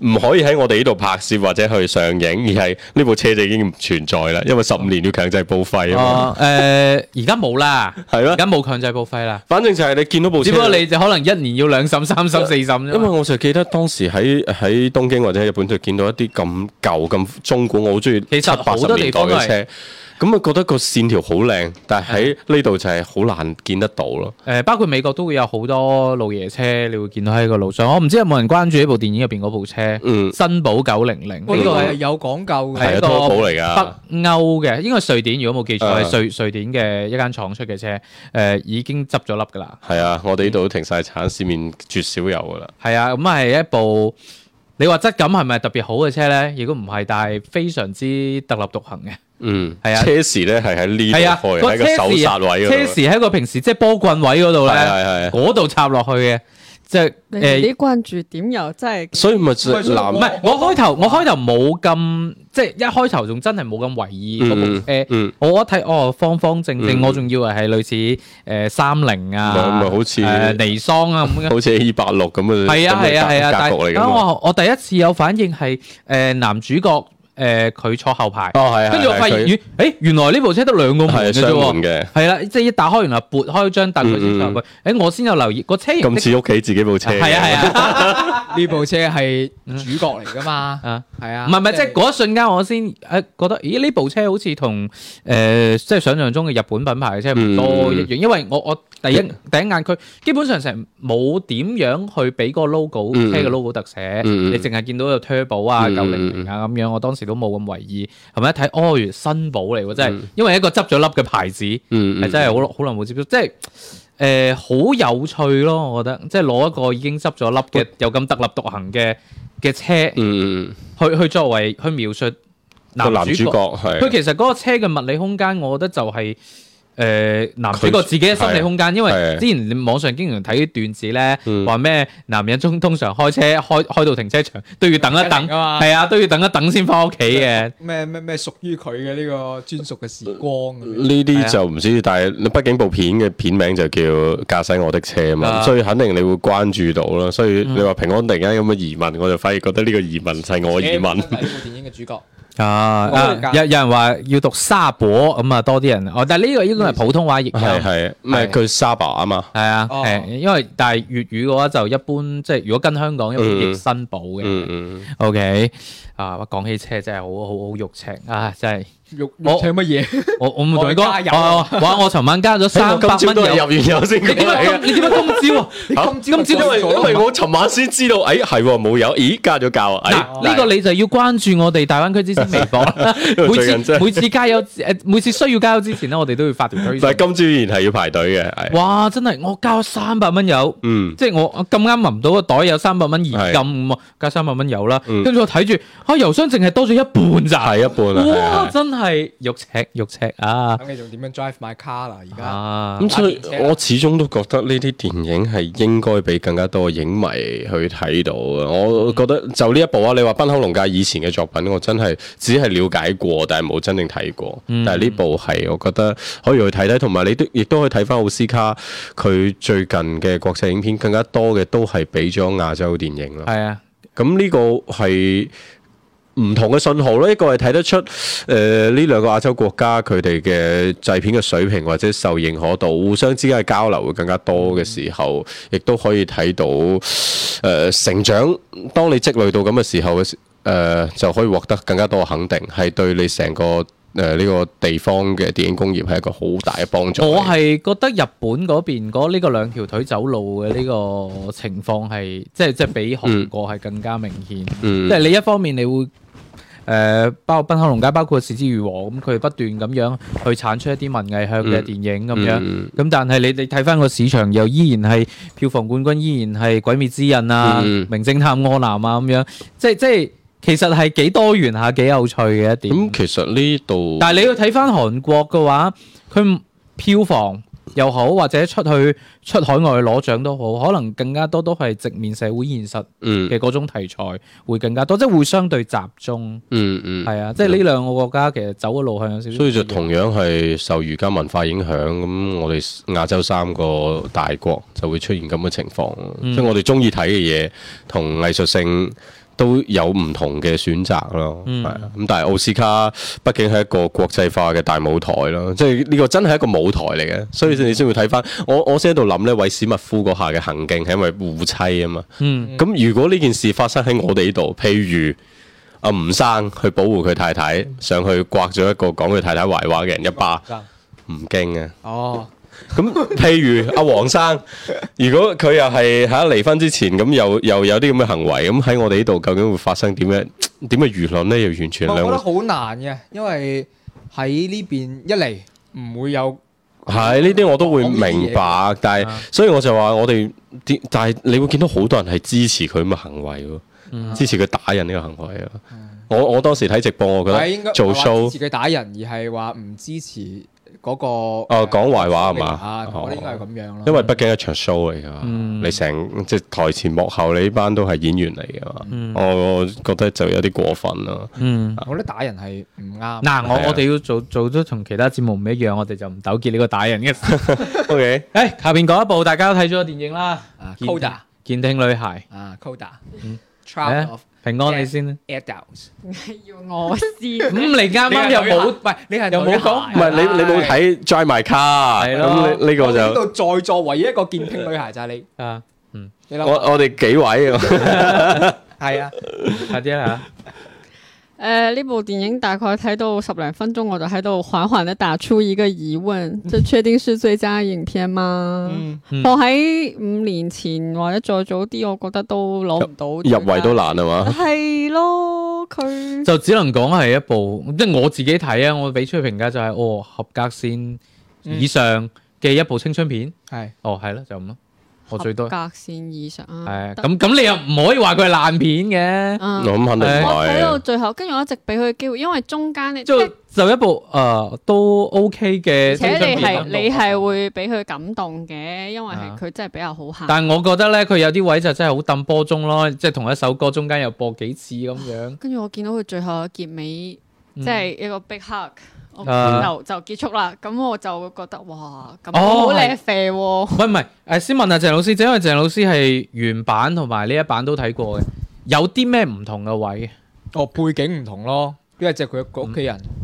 唔可以喺我哋呢度拍攝或者去上映，而係呢部車就已經唔存在啦，因為十五年要強制報廢啊嘛。啊，誒，而家冇啦，係咯，而家冇強制報廢啦。反正就係你見到部車。只不過你就可能一年要兩審三。因為我就記得當時喺喺東京或者喺日本就見到一啲咁舊咁中古，我好中意七八十年代嘅車。咁啊，覺得個線條好靚，但係喺呢度就係好難見得到咯。誒、嗯，包括美國都會有好多老爺車，你會見到喺個路上。我唔知有冇人關注呢部電影入邊嗰部車，嗯、新寶九零零。呢、這個係有講究嘅，係、嗯、是個寶嚟噶，北歐嘅，應該係瑞典。如果冇記錯，係瑞、嗯、瑞典嘅一間廠出嘅車。誒、呃，已經執咗笠噶啦。係啊，我哋呢度都停晒產，嗯、市面絕少有噶啦。係啊，咁係一部你話質感係咪特別好嘅車咧？如果唔係，但係非常之特立獨行嘅。嗯，係啊，車匙咧係喺呢度開，喺個手剎位，車匙喺個平時即係波棍位嗰度咧，嗰度插落去嘅，即係誒，啲關注點又真係，所以咪嗱，唔係我開頭，我開頭冇咁，即係一開頭仲真係冇咁為意，誒，我一睇哦，方方正正，我仲以為係類似誒三菱啊，好似尼桑啊咁，好似 A 八六咁樣，係啊係啊係啊，但我我第一次有反應係誒男主角。誒佢坐後排，跟住我發現，誒原來呢部車得兩個門嘅啫喎，係啦，即係一打開原來撥開張凳佢先入去，誒我先有留意個車型咁似屋企自己部車，係啊係啊，呢部車係主角嚟㗎嘛，係啊，唔係唔係，即係嗰一瞬間我先誒覺得，咦呢部車好似同誒即係想象中嘅日本品牌嘅車唔多一樣，因為我我第一第一眼佢基本上成冇點樣去俾個 logo 車嘅 logo 特寫，你淨係見到個 Turbo 啊九零零啊咁樣，我當時，都冇咁為意，係咪一睇哦？如新寶嚟喎，真係、嗯、因為一個執咗粒嘅牌子，係、嗯嗯、真係好好耐冇接觸，即係誒好有趣咯！我覺得即係攞一個已經執咗粒嘅，又咁特立獨行嘅嘅車，嗯去去作為去描述男主角，佢其實嗰個車嘅物理空間，我覺得就係、是。誒、呃、男主角自己嘅心理空間，因為之前你網上經常睇啲段子咧，話咩、嗯、男人通通常開車開開到停車場都要等一等啊，係啊，都要等一等先翻屋企嘅。咩咩咩屬於佢嘅呢個專屬嘅時光。呢啲就唔知，嗯、但係你畢竟部片嘅片名就叫《駕駛我的車》嘛，嗯、所以肯定你會關注到啦。所以你話平安突然間有乜疑問，我就反而覺得呢個疑問就係我疑問。啊，啊有有人話要讀沙婆，咁啊，多啲人哦。但係呢個應該係普通話譯音，係係，係佢沙巴啊嘛。係啊，係、哦，因為但係粵語嘅話就一般，即、就、係、是、如果跟香港一般叫新寶嘅。嗯嗯 O、okay, K 啊，講起車真係好好好肉赤。啊，真係。我請乜嘢？我我唔同你講，哇！我尋晚加咗三百蚊油，入完油先嚟啊！你點解今？你今朝？今朝今朝因為我尋晚先知道，哎係冇油，咦加咗價啊！呢個你就要關注我哋大灣區之訊微博。每次每次加油每次需要加油之前呢，我哋都要發條推。但係今朝依然係要排隊嘅。哇！真係我加三百蚊油，即係我咁啱揞到個袋有三百蚊現金加三百蚊油啦。跟住我睇住嚇油箱淨係多咗一半咋，係一半啊！真係。係肉赤，肉赤啊！咁你仲點樣 drive my car 啦？而家咁，所以我始終都覺得呢啲電影係應該俾更加多影迷去睇到嘅。嗯、我覺得就呢一部啊，你話《濱口龍介》以前嘅作品，我真係只係了解過，但係冇真正睇過。嗯、但係呢部係，我覺得可以去睇睇。同埋你都亦都可以睇翻奧斯卡佢最近嘅國際影片，更加多嘅都係俾咗亞洲電影啦。係啊、嗯，咁呢個係。唔同嘅信號咯，一個係睇得出誒呢兩個亞洲國家佢哋嘅製片嘅水平或者受認可度，互相之間嘅交流會更加多嘅時候，亦都、嗯、可以睇到誒、呃、成長。當你積累到咁嘅時候，誒、呃、就可以獲得更加多嘅肯定，係對你成個誒呢、呃這個地方嘅電影工業係一個好大嘅幫助。我係覺得日本嗰邊嗰呢個兩條腿走路嘅呢個情況係即係即係比韓國係更加明顯，嗯嗯、即係你一方面你會。誒、呃，包括濱口龍介，包括是枝裕和，咁佢不斷咁樣去產出一啲文藝向嘅電影咁、嗯嗯、樣，咁但係你你睇翻個市場，又依然係票房冠軍，依然係《鬼滅之刃》啊、嗯，《名偵探柯南》啊咁樣，即即係其實係幾多元下，幾有趣嘅一點。咁、嗯、其實呢度，但係你要睇翻韓國嘅話，佢票房。又好，或者出去出海外攞獎都好，可能更加多都係直面社會現實嘅嗰種題材會更加多，嗯、即係會相對集中。嗯嗯，係、嗯、啊，即係呢兩個國家其實走嘅路向有少少。所以就同樣係受儒家文化影響，咁我哋亞洲三個大國就會出現咁嘅情況。即係、嗯、我哋中意睇嘅嘢同藝術性。都有唔同嘅選擇咯，係啊、嗯！咁但係奧斯卡畢竟係一個國際化嘅大舞台咯，即係呢個真係一個舞台嚟嘅，所以你先會睇翻、嗯。我我先喺度諗呢韋史密夫嗰下嘅行徑係因為護妻啊嘛。咁、嗯嗯、如果呢件事發生喺我哋呢度，譬如阿、啊、吳生去保護佢太太，嗯、上去刮咗一個講佢太太壞話嘅人一巴，唔、嗯嗯嗯、驚啊！哦咁 譬如阿黃生，如果佢又係喺離婚之前，咁又又有啲咁嘅行為，咁喺我哋呢度究竟會發生點 樣點嘅輿論呢？又完全兩我覺得好難嘅，因為喺呢邊一嚟唔會有係呢啲，啊、我都會明白。但係所以我就話我哋啲，但係你會見到好多人係支持佢咁嘅行為，嗯、哼支持佢打人呢個行為。嗯、哼我我當時睇直播，我覺得做 show 支持佢打人，而係話唔支持。嗰個哦講壞話係嘛？啊，我應該係咁樣咯。因為北京一場 show 嚟㗎嘛，你成即係台前幕後，你呢班都係演員嚟㗎嘛。我覺得就有啲過分咯。嗯，我覺得打人係唔啱。嗱，我我哋要做做咗同其他節目唔一樣，我哋就唔糾結呢個打人嘅。OK，誒下邊講一部大家都睇咗電影啦。啊，Coda，健聽女孩。啊，Coda，嗯，Trouble of。平安你先啦 adults 要我先，唔，你啱啱又冇，唔係你係又冇講，唔係你你冇睇 Drive My Car，呢呢個就我在座唯一一個健聽女孩就係你，啊，嗯，我我哋幾位啊，係啊，快啲啊！誒，呢、呃、部電影大概睇到十零分鐘，我就喺度緩緩地打出一個疑問：即係 確定是最佳影片嗎？嗯嗯、我喺五年前或者再早啲，我覺得都攞唔到入，入圍都難係嘛？係咯，佢就只能講係一部，即係我自己睇啊，我俾出去評價就係、是，哦，合格線以上嘅一部青春片係，嗯、哦係咯，就咁咯。我最多合格線以上啊，係咁。咁你又唔可以話佢係爛片嘅，我睇到最後，跟住我一直俾佢機會，因為中間咧就就一部誒都 OK 嘅，且你係你係會俾佢感動嘅，因為係佢真係比較好行。但係我覺得咧，佢有啲位就真係好揼波鐘咯，即係同一首歌中間又播幾次咁樣。跟住我見到佢最後嘅結尾。嗯、即係一個 big hug，我然後就結束啦。咁、呃、我就覺得哇，咁好靚啡喎。唔係唔係，誒先問下鄭老師，因為鄭老師係原版同埋呢一版都睇過嘅，有啲咩唔同嘅位？哦，背景唔同咯，因為只係佢屋企人。嗯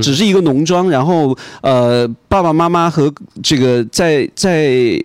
只是一個農莊，然後，呃，爸爸媽媽和這個在在。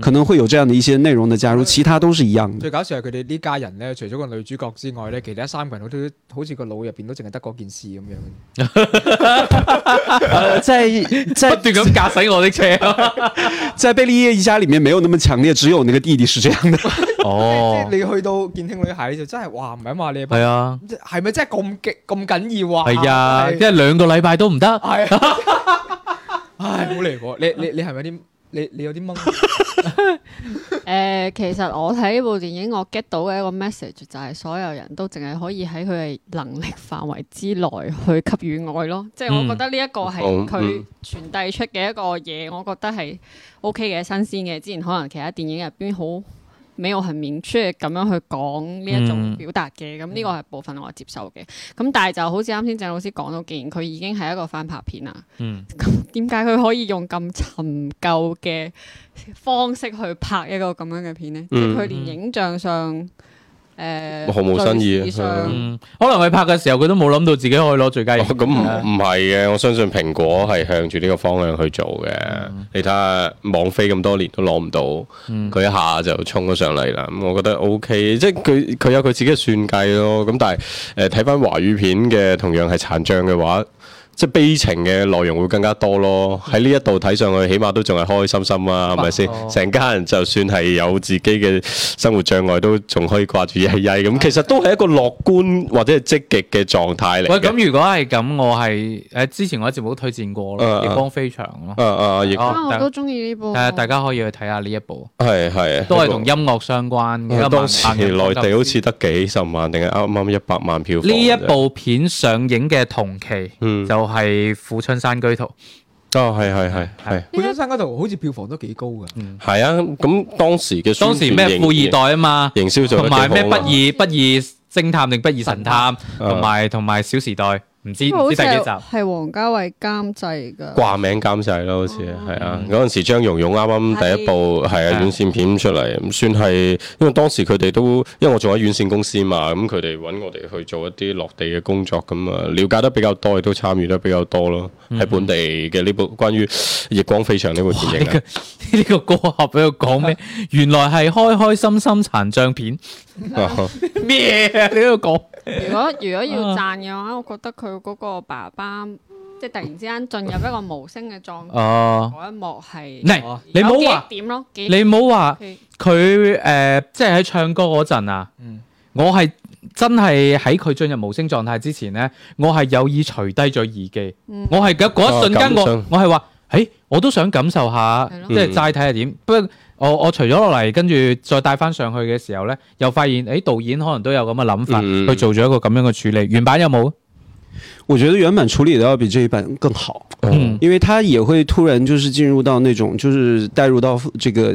可能會有這樣的一些內容的加入，其他都是一樣的。嗯、最搞笑係佢哋呢家人咧，除咗個女主角之外咧，其他三個人好好都好似個腦入邊都淨係得嗰件事咁樣、啊。即係不斷咁駕駛我的車。 在貝利葉一家裏面沒有那麼強烈，只有那個弟弟是這樣的。哦，你去到健聽女孩就真係，哇，唔係嘛你？係啊，係咪真係咁激咁緊要？話係啊，即係兩個禮拜都唔得。係，唉，好離譜，你你你係咪啲？你你有啲懵？誒，其實我睇呢部電影，我 get 到嘅一個 message 就係所有人都淨係可以喺佢嘅能力範圍之內去給予愛咯。即係我覺得呢一個係佢傳遞出嘅一個嘢，我覺得係 OK 嘅、新鮮嘅。之前可能其他電影入邊好。尾我係免，出係咁樣去講呢一種表達嘅，咁呢、嗯、個係部分我接受嘅。咁、嗯、但係就好似啱先鄭老師講到，既然佢已經係一個翻拍片啦，咁點解佢可以用咁陳舊嘅方式去拍一個咁樣嘅片呢？即係佢連影像上。誒毫無新意，嗯上嗯，可能佢拍嘅時候佢都冇諗到自己可以攞最佳影片。咁唔唔係嘅，我相信蘋果係向住呢個方向去做嘅。嗯、你睇下網飛咁多年都攞唔到，佢一下就衝咗上嚟啦。咁我覺得 O、OK, K，即係佢佢有佢自己嘅算計咯。咁但係誒睇翻華語片嘅，同樣係殘障嘅話。即係悲情嘅內容會更加多咯，喺呢一度睇上去，起碼都仲係開開心心啊，係咪先？成家人就算係有自己嘅生活障礙，都仲可以掛住依依咁。其實都係一個樂觀或者係積極嘅狀態嚟。喂，咁如果係咁，我係誒之前我喺節目都推薦過啦，《逆光飛翔》咯。啊啊！逆光，我都中意呢部。係啊，大家可以去睇下呢一部。係係，都係同音樂相關嘅。當時內地好似得幾十萬定係啱啱一百萬票房。呢一部片上映嘅同期就。係《富春山居圖》哦，係係係係，《富春山居圖》好似票房都幾高噶。嗯，係啊，咁當時嘅當時咩富二代啊嘛，營銷就同埋咩不二不二偵探定不二神探，同埋同埋《小時代》。唔知知第幾集，係黃家衛監製噶，掛名監製咯，好似係、哦、啊。嗰陣時張蓉蓉啱啱第一部係是啊院線片出嚟，算係因為當時佢哋都，因為我做咗院線公司嘛，咁佢哋搵我哋去做一啲落地嘅工作咁啊，了解得比較多，亦都參與得比較多咯。喺、嗯、哼本地嘅呢部關於逆光飛翔呢部電影、啊，呢、這個這個歌盒畀佢講咩？ 原來係開開心心殘障片，咩啊？ 你喺度講，如果如果要讚嘅話，我覺得佢。嗰個爸爸即係突然之間進入一個無聲嘅狀態，嗰一幕係有幾點咯？你冇話佢誒，即係喺唱歌嗰陣啊！我係真係喺佢進入無聲狀態之前呢，我係有意除低咗耳機。我係嗰一瞬間，我我係話，誒，我都想感受下，即係齋睇下點。不過我我除咗落嚟，跟住再帶翻上去嘅時候呢，又發現誒，導演可能都有咁嘅諗法，去做咗一個咁樣嘅處理。原版有冇？我覺得原版處理的要比這一版更好，嗯，因為他也會突然就是進入到那種，就是帶入到這個。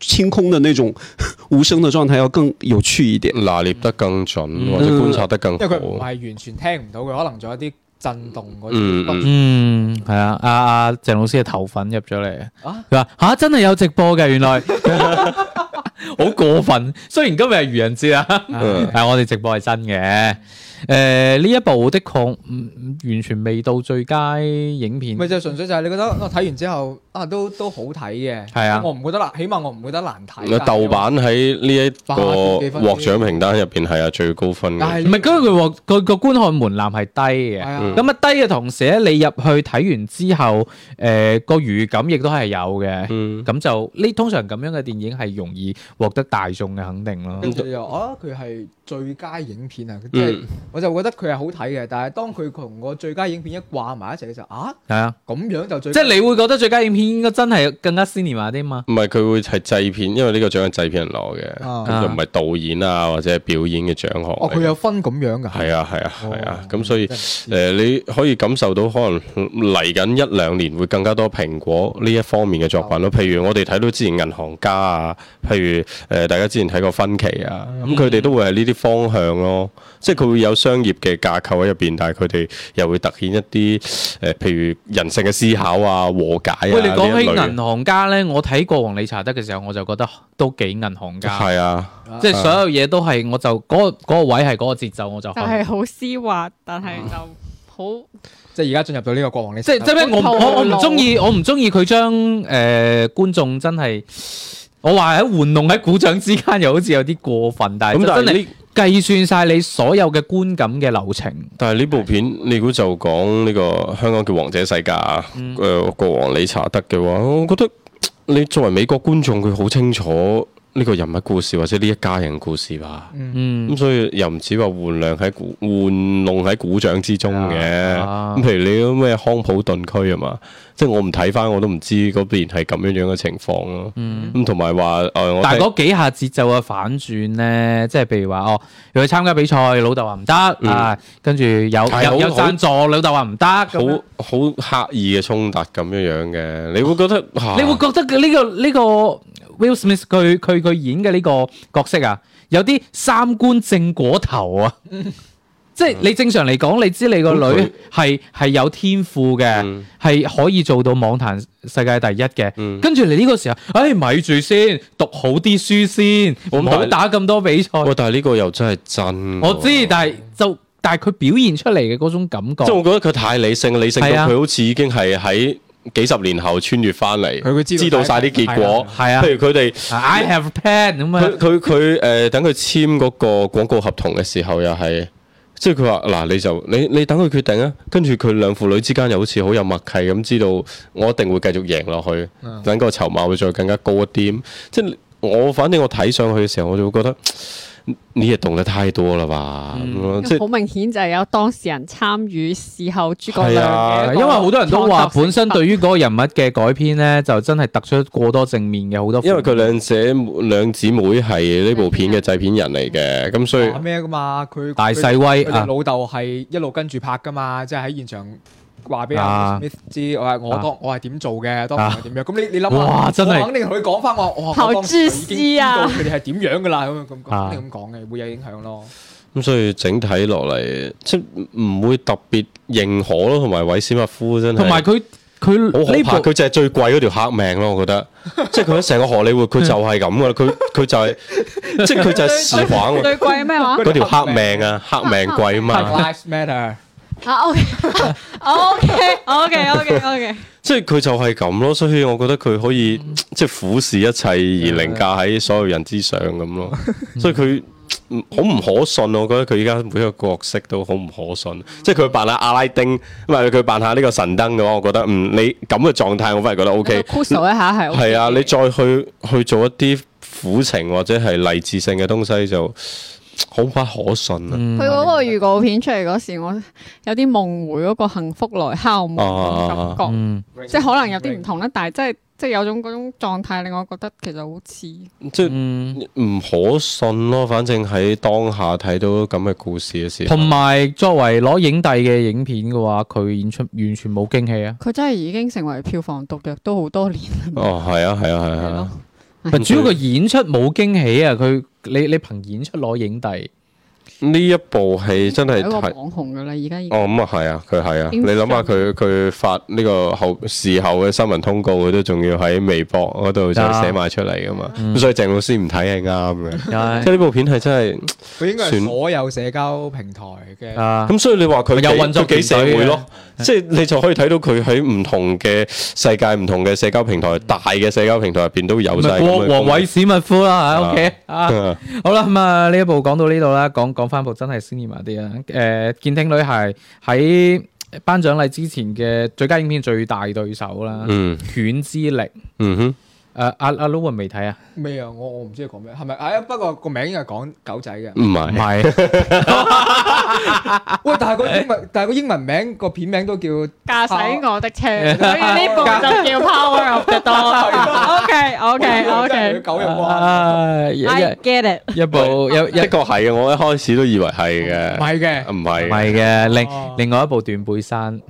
清空嘅，那種無聲嘅狀態要更有趣一點，拿捏得更準或者觀察得更好。因為佢唔係完全聽唔到，佢可能仲有啲震動嗰啲。嗯，係啊，阿阿鄭老師嘅頭粉入咗嚟啊，佢話吓，真係有直播嘅，原來好、啊、過分。雖然今日係愚人節啊，但我哋直播係真嘅。誒，呢、呃、一部的確唔完全未到最佳影片，咪就純粹就係你覺得我睇完之後啊，都都好睇嘅，係啊，我唔覺，覺得難，起碼我唔覺得難睇。豆瓣喺呢一個獲獎名單入邊係啊最高分唔係，咁佢佢個觀看門檻係低嘅，咁啊、嗯、低嘅同時你入去睇完之後，誒個語感亦都係有嘅，咁、嗯、就呢通常咁樣嘅電影係容易獲得大眾嘅肯定咯。跟住又佢係。啊最佳影片啊，即係我就覺得佢係好睇嘅，但係當佢同個最佳影片一掛埋一齊嘅時候，啊，係啊，咁樣就最即係你會覺得最佳影片應該真係更加 senior 啲嘛？唔係，佢會係製片，因為呢個獎係製片人攞嘅，咁就唔係導演啊或者係表演嘅獎項哦，佢有分咁樣㗎？係啊係啊係啊，咁、啊啊哦、所以誒、呃、你可以感受到可能嚟緊一兩年會更加多蘋果呢一方面嘅作品咯。哦哦、譬如我哋睇到之前銀行家啊，譬如誒大家之前睇過分期啊，咁佢哋都會係呢啲。方向咯，即係佢會有商業嘅架構喺入邊，但係佢哋又會突顯一啲誒、呃，譬如人性嘅思考啊、和解啊。喂，你講起銀行家咧，我睇《國王理查德》嘅時候，我就覺得都幾銀行家。係啊，即係所有嘢都係，我就嗰嗰、嗰個嗰個位係嗰個節奏，我就就係好絲滑，但係就好。啊、即係而家進入到呢個國王理查德即，即即係咩？我我我唔中意，我唔中意佢將誒觀眾真係。我話喺玩弄喺鼓掌之間，又好似有啲過分，但係真係計算晒你所有嘅觀感嘅流程。但係呢部片，的你估就講呢個香港叫《王者世界》誒、嗯，國王理查德嘅話，我覺得你作為美國觀眾，佢好清楚呢個人物故事或者呢一家人故事吧。咁、嗯、所以又唔止話玩弄喺鼓玩弄喺鼓掌之中嘅。咁、哎、呀譬如你嗰咩康普頓區啊嘛。即係我唔睇翻，我都唔知嗰邊係咁樣樣嘅情況咯。咁同埋話誒，哎、我但係嗰幾下節奏嘅反轉咧，即係譬如話哦，要去參加比賽，老豆話唔得啊，跟住有很有有贊助，很老豆話唔得，好好很樣刻意嘅衝突咁樣樣嘅，你會覺得、啊、你會覺得呢、呢個呢、呢個呢個 Will Smith 佢佢佢演嘅呢個角色啊，有啲三觀正過頭啊！ 即係你正常嚟講，你知你個女係係有天賦嘅，係可以做到網壇世界第一嘅。跟住你呢個時候，唉，咪住先，讀好啲書先，唔好打咁多比賽。但係呢個又真係真。我知，但係就但係佢表現出嚟嘅嗰種感覺。即係我覺得佢太理性，理性到佢好似已經係喺幾十年後穿越翻嚟，佢佢知道晒啲結果。係啊，譬如佢哋，I have pen 咁啊。佢佢佢誒，等佢簽嗰個廣告合同嘅時候，又係。即係佢話嗱，你就你你等佢決定啊。跟住佢兩父女之間又好似好有默契咁，知道我一定會繼續贏落去，嗯、等個籌碼會再會更加高一啲。即係我反正我睇上去嘅時候，我就會覺得。你又懂得太多了吧？好、嗯、即明顯就係有當事人參與事後諸葛亮，因為好多人都話本身對於嗰個人物嘅改編咧，就真係突出過多正面嘅好多。因為佢兩姐兩姊妹係呢部片嘅製片人嚟嘅，咁、嗯、所以咩噶嘛？佢、啊啊、大細威、啊、老豆係一路跟住拍噶嘛，即係喺現場。話俾阿 Smith 知，我係我當我係點做嘅，當時點樣？咁你你諗下，我肯定同佢講翻，我哇，剛剛已經知道佢哋係點樣噶啦，咁咁咁講嘅，會有影響咯。咁所以整體落嚟，即係唔會特別認可咯，同埋韋斯密夫真係。同埋佢佢好可怕，佢就係最貴嗰條黑命咯。我覺得，即係佢喺成個荷里活，佢就係咁噶啦。佢佢就係，即係佢就係蝕環。最貴咩話？嗰條黑命啊，黑命貴啊嘛。吓 O K O K O K O K O K 即係佢就係咁咯，所以我覺得佢可以即係、嗯、俯視一切而凌駕喺所有人之上咁咯、嗯。所以佢好唔可信，我覺得佢依家每一個角色都好唔可信。嗯、即係佢扮下阿拉丁，咁啊佢扮下呢個神燈嘅話，我覺得嗯，你咁嘅狀態，我反而覺得 O K。Cool 一下係、OK, 嗯，係啊，你再去去做一啲苦情或者係勵志性嘅東西就。好不可信啊！佢嗰個預告片出嚟嗰時，我有啲夢回嗰個《幸福來敲門》嘅感覺，即係可能有啲唔同啦，但係即係即係有種嗰種狀態，令我覺得其實好似即係唔可信咯、啊。反正喺當下睇到咁嘅故事嘅時，同埋作為攞影帝嘅影片嘅話，佢演出完全冇驚喜啊！佢真係已經成為票房毒藥都好多年啦。哦，係、嗯、吧啊，係啊，係啊。咪 主要佢演出冇驚喜啊！佢你你憑演出攞影帝。呢一部戲真係一個網紅噶啦，而家哦咁啊係啊，佢係啊，你諗下佢佢發呢個後事後嘅新聞通告佢都仲要喺微博嗰度就寫埋出嚟噶嘛，咁所以鄭老師唔睇係啱嘅，即係呢部片係真係佢應該係所有社交平台嘅。咁所以你話佢有咗幾社會咯，即係你就可以睇到佢喺唔同嘅世界、唔同嘅社交平台、大嘅社交平台入邊都有曬。王王偉史密夫啦，OK，好啦咁啊，呢一部講到呢度啦，講講。翻部真係 cinema 啲啊！誒，健聽女孩喺頒獎禮之前嘅最佳影片最大對手啦。嗯，犬之力。嗯哼。誒，阿阿 Luna 未睇啊？未啊，我我唔知佢講咩，係咪？誒不過個名應該係講狗仔嘅。唔係。唔係。喂，但係個英文，但係個英文名個片名都叫《駕駛我的車》，所以呢部就叫《Power of the Dog》啦。O K，好嘅，九人關啊，I get it，一部有，一個係嘅，我一開始都以為係嘅，唔係嘅，唔係嘅，另另外一部斷背山，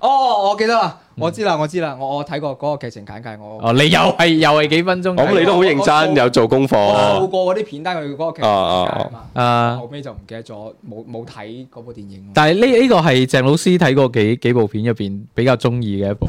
哦，我記得啦，我知啦，我知啦，我我睇過嗰個劇情簡介，我哦，你又係又係幾分鐘，咁你都好認真，有做功課，做過嗰啲片單，佢嗰個劇情簡介啊，後尾就唔記得咗，冇冇睇嗰部電影，但係呢呢個係鄭老師睇過幾幾部片入邊比較中意嘅一部。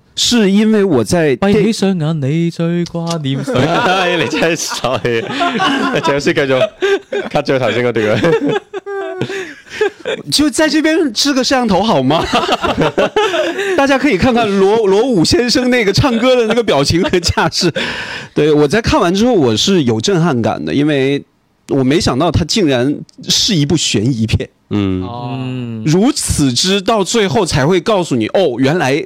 是因為我在閉起雙眼，你最掛念誰。你真衰，仲有先繼續 cut 咗頭先嗰段。就在這邊支個攝像頭好嗎？ 大家可以看看羅羅武先生那個唱歌的那個表情和架勢。對，我在看完之後，我是有震撼感的，因為我沒想到它竟然是一部懸疑片。嗯，哦、如此之到最後才會告訴你，哦，原來。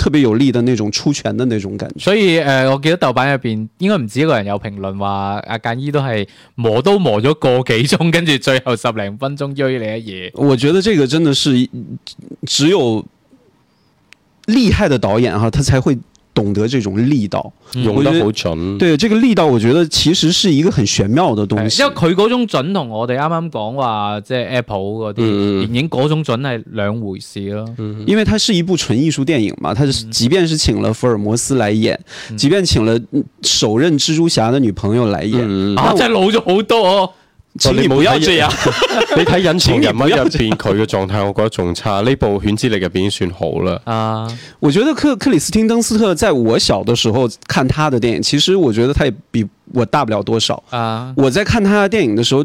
特別有力的那種出拳的那種感覺。所以誒，我記得豆瓣入邊應該唔止一個人有評論話阿簡依都係磨都磨咗個幾鐘，跟住最後十零分鐘追你一嘢。我覺得這個真的是只有厲害的導演啊，他才會。懂得這種力道，嗯、得用得好準。對，這個力道，我覺得其實是一個很玄妙的東西。因為佢嗰種準同我哋啱啱講話即係 Apple 嗰啲電影嗰種準係兩回事咯。因為它是一部純藝術電影嘛，它就即便是請了福爾摩斯來演，即便請了首任蜘蛛俠的女朋友來演，嗯嗯、我啊，真係老咗好多哦。請你冇要這樣，你睇人前人物入邊佢嘅狀態， 啊、狀態我覺得仲差。呢部《犬之力》入邊已經算好啦。啊、我覺得克克里斯汀登斯特，在我小的時候看他的電影，其實我覺得他也比我大不了多少。啊、我在看他的電影的時候。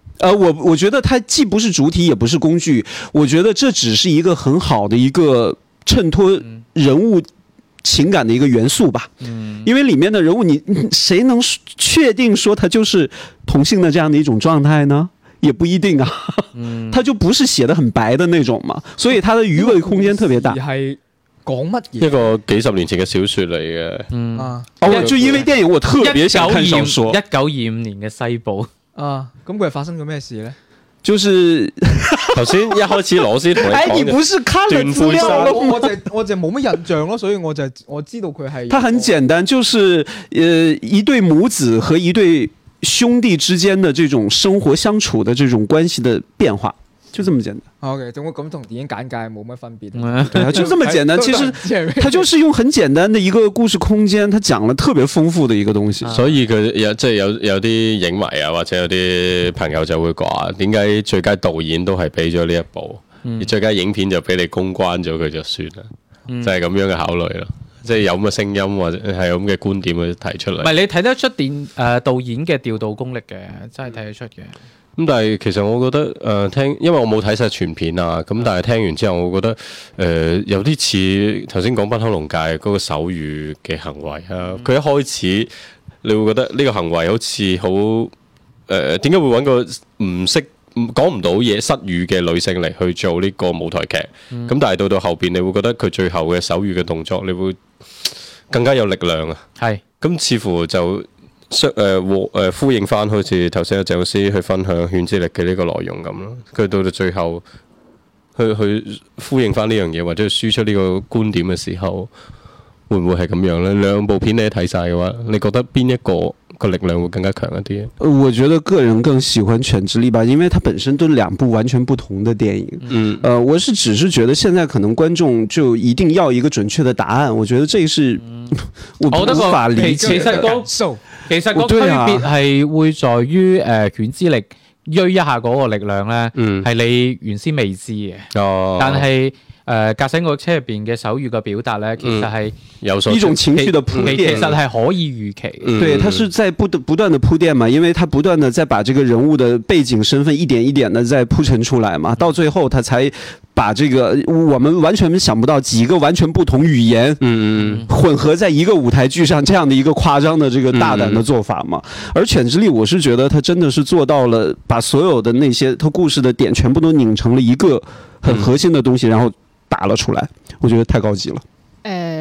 呃，我我覺得它既不是主題，也不是工具。我覺得這只是一個很好的一個襯托人物情感的一個元素吧。嗯、因為裏面的人物，你誰能確定說他就是同性的這樣的一種狀態呢？也不一定啊。他、嗯、就不是寫得很白的那種嘛，所以他的餘味空間特別大。而係講乜嘢？一個幾十年前的小說嚟嘅。嗯啊。我、哦、就因為電影，我特別想看小說。一九二五年嘅西部。 啊，咁佢係發生咗咩事咧？就是頭先一開始老師同，哎、 欸，你不是看了資料？我就我就冇乜印象咯，所以我就我知道佢係。它很簡單，就是誒、呃、一對母子和一對兄弟之間的這種生活相處的這種關係的變化，就這麼簡單。O K，仲會咁，同電影簡介冇乜分別， 就這麼簡單。 其實，佢 就是用很簡單的一個故事空間，他講了特別豐富的一個東西。所以佢有即係、就是、有有啲影迷啊，或者有啲朋友就會講，點解最佳導演都係俾咗呢一部，嗯、而最佳影片就俾你公關咗佢就算啦、嗯，就係、是、咁樣嘅考慮咯。即係有咁嘅聲音或者係咁嘅觀點去提出嚟。唔係、嗯、你睇得出電誒、呃、導演嘅調度功力嘅，真係睇得出嘅。咁、嗯、但係其實我覺得誒、呃、聽，因為我冇睇晒全片啊。咁但係聽完之後，我覺得誒、呃、有啲似頭先講返《黑龍界》嗰、那個手語嘅行為啊。佢、嗯、一開始你會覺得呢個行為好似好誒、點、呃、解會揾個唔識講唔到嘢、失語嘅女性嚟，去做呢個舞台劇？咁、嗯嗯、但係到到後邊你會覺得佢最後嘅手語嘅動作，你會更加有力量啊。係是，咁似乎就。誒誒、呃、呼，呼應翻，好似頭先阿鄭老師去分享《犬之力》嘅呢個內容咁咯。佢到到最後去，去去呼應翻呢樣嘢，或者輸出呢個觀點嘅時候，會唔會係咁樣咧？兩部片你睇晒嘅話，你覺得邊一個個力量會更加強一啲？我覺得個人更喜歡《犬之力》吧，因為它本身都兩部完全不同的電影。嗯、呃。我是只是覺得現在可能觀眾就一定要一個準確嘅答案，我覺得這個是 我無法理其實個區別係會在於，誒、呃、犬之力喐一下嗰個力量咧，係、嗯、你原先未知嘅。哦、但係。呃，駕駛我車入邊嘅手語嘅表達呢，其實係有、嗯、一種情緒嘅鋪墊，其實係可以預期。嗯、對，他是在不不斷的鋪墊嘛，因為他不斷的在把這個人物嘅背景、身份一點一點的在鋪陳出來嘛，到最後他才把這個我們完全想不到幾個完全不同語言，嗯，混合在一個舞台劇上，這樣的一個誇張的這個大膽的做法嘛。嗯、而犬之力，我是覺得他真的是做到了，把所有的那些他故事嘅點全部都擰成了一個很核心的東西，然後。打了出來，我覺得太高級了。哎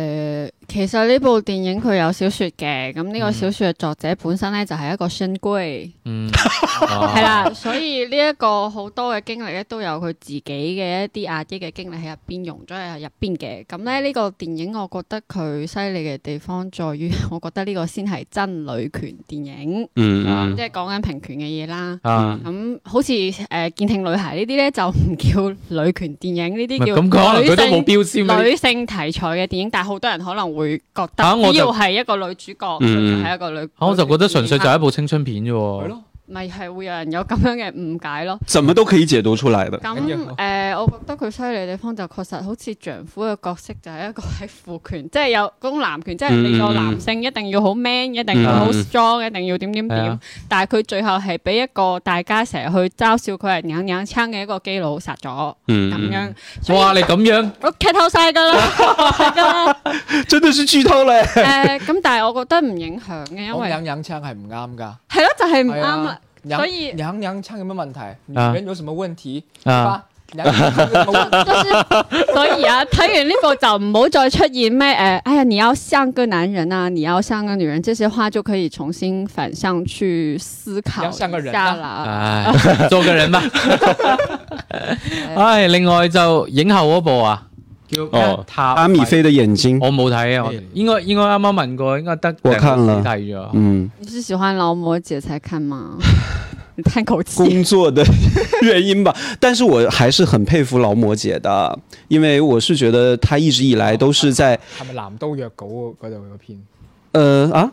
其實呢部電影佢有小説嘅，咁、嗯、呢、嗯、個小説嘅作者本身咧就係一個 s h 嗯，係啦、啊，所以呢一個好多嘅經歷咧都有佢自己嘅一啲壓抑嘅經歷喺入邊融咗喺入邊嘅。咁咧呢個電影我覺得佢犀利嘅地方，在於我覺得呢個先係真女權電影，嗯，嗯，嗯即係講緊平權嘅嘢啦。咁、啊嗯、好似誒竊聽女孩呢啲咧就唔叫女權電影，呢啲叫女性女性題材嘅電影，但係好多人可能會。會覺得主要係一個女主角，係、嗯、一個女，我就覺得純粹就係一部青春片啫喎。咪係會有人有咁樣嘅誤解咯。怎麼都可以解讀出來嘅。咁誒、嗯嗯呃，我覺得佢犀利嘅地方就確實好似丈夫嘅角色就係一個係父權，即係有嗰種男權，即係你個男性一定要好 man，一定要好 strong，、嗯、一定要點點點。嗯、但係佢最後係俾一個大家成日去嘲笑佢係娘娘腔嘅一個基佬殺咗，咁樣。哇！你咁樣， 我劇透晒㗎啦， 真㗎算豬偷咧。誒 咁、嗯，但係我覺得唔影響嘅，因為娘娘腔係唔啱㗎。係咯， 就係唔啱。所以娘娘腔有咩問題？女人有什麼問題？啊，吧娘娘腔、 就是，所以啊，睇完呢部就唔好再出現咩？哎，哎呀，你要像個男人啊，你要像個女人，這些話就可以重新反向去思考像個人啦。做個人吧、啊。哎 另外就影后嗰部啊。哦，他阿、啊、米菲的眼睛，我冇睇應該應該啱啱問過，應該得我看了，嗯吧。你是喜歡勞模姐才看嗎？你嘆口氣，工作的原因吧。 但是我還是很佩服勞模姐的，因為我是覺得她一直以來都是在係咪南都約稿嗰度有片。誒、 嗯嗯嗯嗯嗯、啊！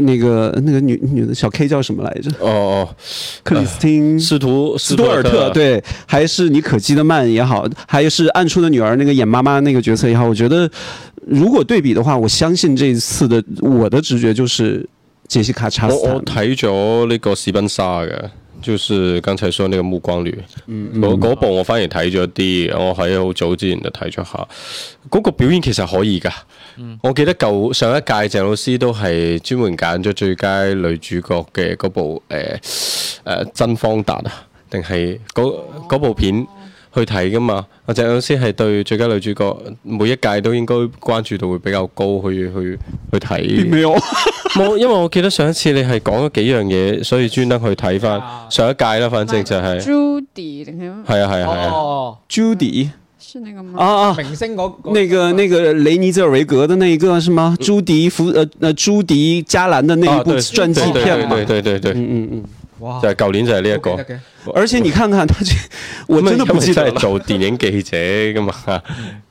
那個那個女女的小 K 叫什麼來着？哦哦，克里斯汀·呃、斯圖斯圖爾特，特爾特，對，還是尼可基德曼也好，還是暗處的女兒那個演媽媽那個角色也好，我覺得如果對比的話，我相信這一次的我的直覺就是傑西卡·查斯坦。我我睇咗呢個史賓沙嘅。就是剛才說個、嗯嗯、那個《暮光女》，嗰部我反而睇咗啲，我喺好早之前就睇咗下，嗰、那個表演其實可以㗎。嗯、我記得舊上一屆鄭老師都係專門揀咗最佳女主角嘅嗰部誒誒甄芳達啊，定係嗰部片。哦去睇噶嘛？阿鄭老師係對最佳女主角每一屆都應該關注度會比較高，去去去睇。冇，因為我記得上一次你係講咗幾樣嘢，所以專登去睇翻上一屆啦，就是。反正就係 Judy 定係咩？係啊，係啊，係啊。哦，Judy 是那個嗎？啊明星嗰個。那個那個雷尼澤爾維格的那個是嗎？朱迪，誒，朱迪加蘭的那一部傳記片。對對對，嗯嗯。嗯哇就係舊年就係呢一個，okay, okay。而且你看看佢， 我真的唔記得做電影記者噶嘛吓，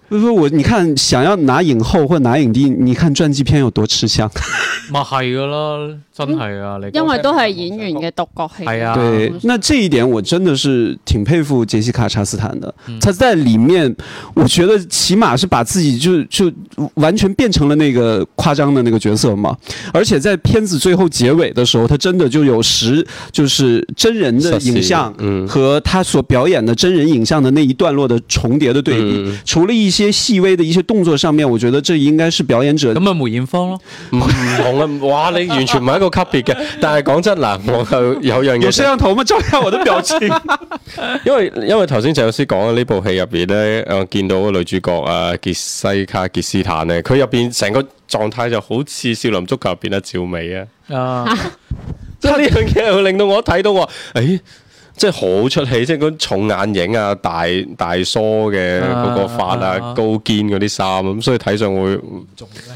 唔係我，你看想要拿影后或者拿影帝，你看傳記片有多吃香，咪係噶囉。真係啊！你、嗯、因為都係演員嘅獨角戲。係啊、嗯，嗯、對，那這一點我真的是挺佩服傑西卡查斯坦的。嗯、他在裏面，我覺得起碼是把自己就就完全變成了那個誇張的那個角色嘛。而且在片子最後結尾的時候，他真的就有時就是真人的影像，嗯，和他所表演的真人影像的那一段落的重疊的對比。嗯、除了一些細微的一些動作上面，我覺得這應該是表演者。咁啊，梅艷芳咯，唔同啊，哇你完全唔係一個。級別嘅， 但係講真嗱，我就有樣嘢。有攝像頭嗎？照下我嘅表情 。因為因為頭先鄭老師講嘅呢部戲入邊咧，我見到個女主角啊，傑西卡傑斯坦咧，佢入邊成個狀態就好似少林足球入邊嘅趙薇啊。啊、 哎！即係呢樣嘢，令到我睇到話，誒，即係好出戲，即係重眼影啊，大大梳嘅嗰個髮啊，啊高肩嗰啲衫，咁所以睇上會。啊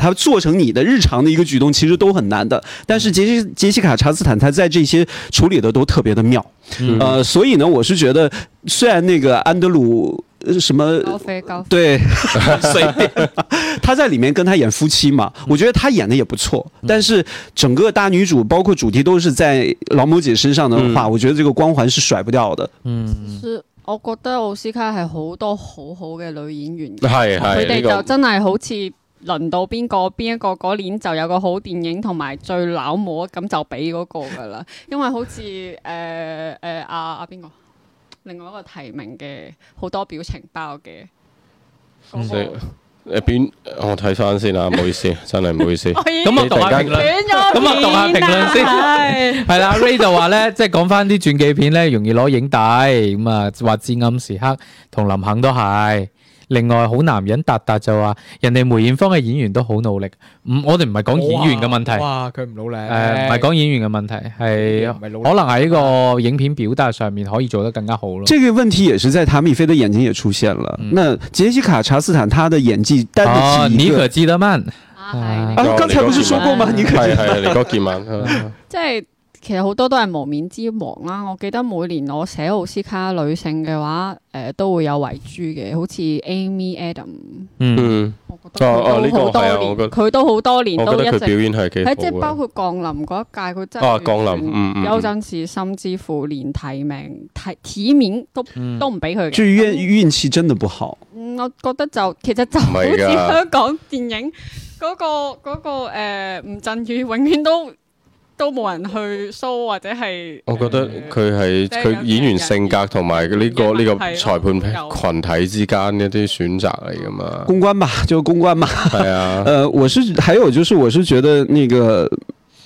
他做成你的日常的一個舉動，其實都很難的。但是傑西傑西卡查斯坦，他在這些處理的都特別的妙，嗯、呃，所以呢，我是覺得，雖然那個安德魯什麼高飛高飛，對，隨便 他在裏面跟他演夫妻嘛，我覺得他演的也不錯。嗯、但是整個大女主，包括主題都是在勞模姐身上的話，我覺得這個光環是甩不掉的。嗯，是我覺得奧斯卡係好多好好嘅女演員，係係、嗯，佢哋、嗯、就真係好似。輪到邊個？邊一個？嗰年就有個好電影同埋最撈模，咁就俾嗰個㗎啦。因為好似誒誒阿阿邊個，另外一個提名嘅好多表情包嘅。你我睇翻先啦，唔好意思，真係唔好意思。咁啊讀下評論，咁啊讀下評論先。係啦 ，Ray 就話咧，即係講翻啲傳記片咧，容易攞影帝。咁啊，話《至暗時刻》同林肯都係。另外，好男人達達就話，人哋梅艷芳嘅演員都好努力。唔，我哋唔係講演員嘅問題。哇，佢唔努力。誒，唔係講演員嘅問題，係可能喺個影片表達上面可以做得更加好咯。這個問題也是在塔米菲的眼睛也出現了。那傑西卡查斯坦他的演技擔得起一個？你可記得慢？啊，剛才不是說過嗎？你可記得慢？其實好多都係無冕之王啦！我記得每年我寫奧斯卡女性嘅話，誒、呃、都會有遺珠嘅，好似 Amy Adams。嗯，我覺得好多佢都好多年都一直表演係幾好嘅，即係包括降臨嗰一屆，佢真係有陣時甚至乎連提名提提名都都唔俾佢嘅。即係運運氣真的不好。我覺得就其實就好似香港電影嗰個嗰個誒，吳鎮宇永遠都。嗯都都冇人去 show 或者係，我覺得佢係佢演員性格同埋呢個呢個裁判群體之間一啲選擇嚟噶嘛。公關嘛，就公關嘛。係啊，誒、 呃，我是，還有就是，我是覺得那個。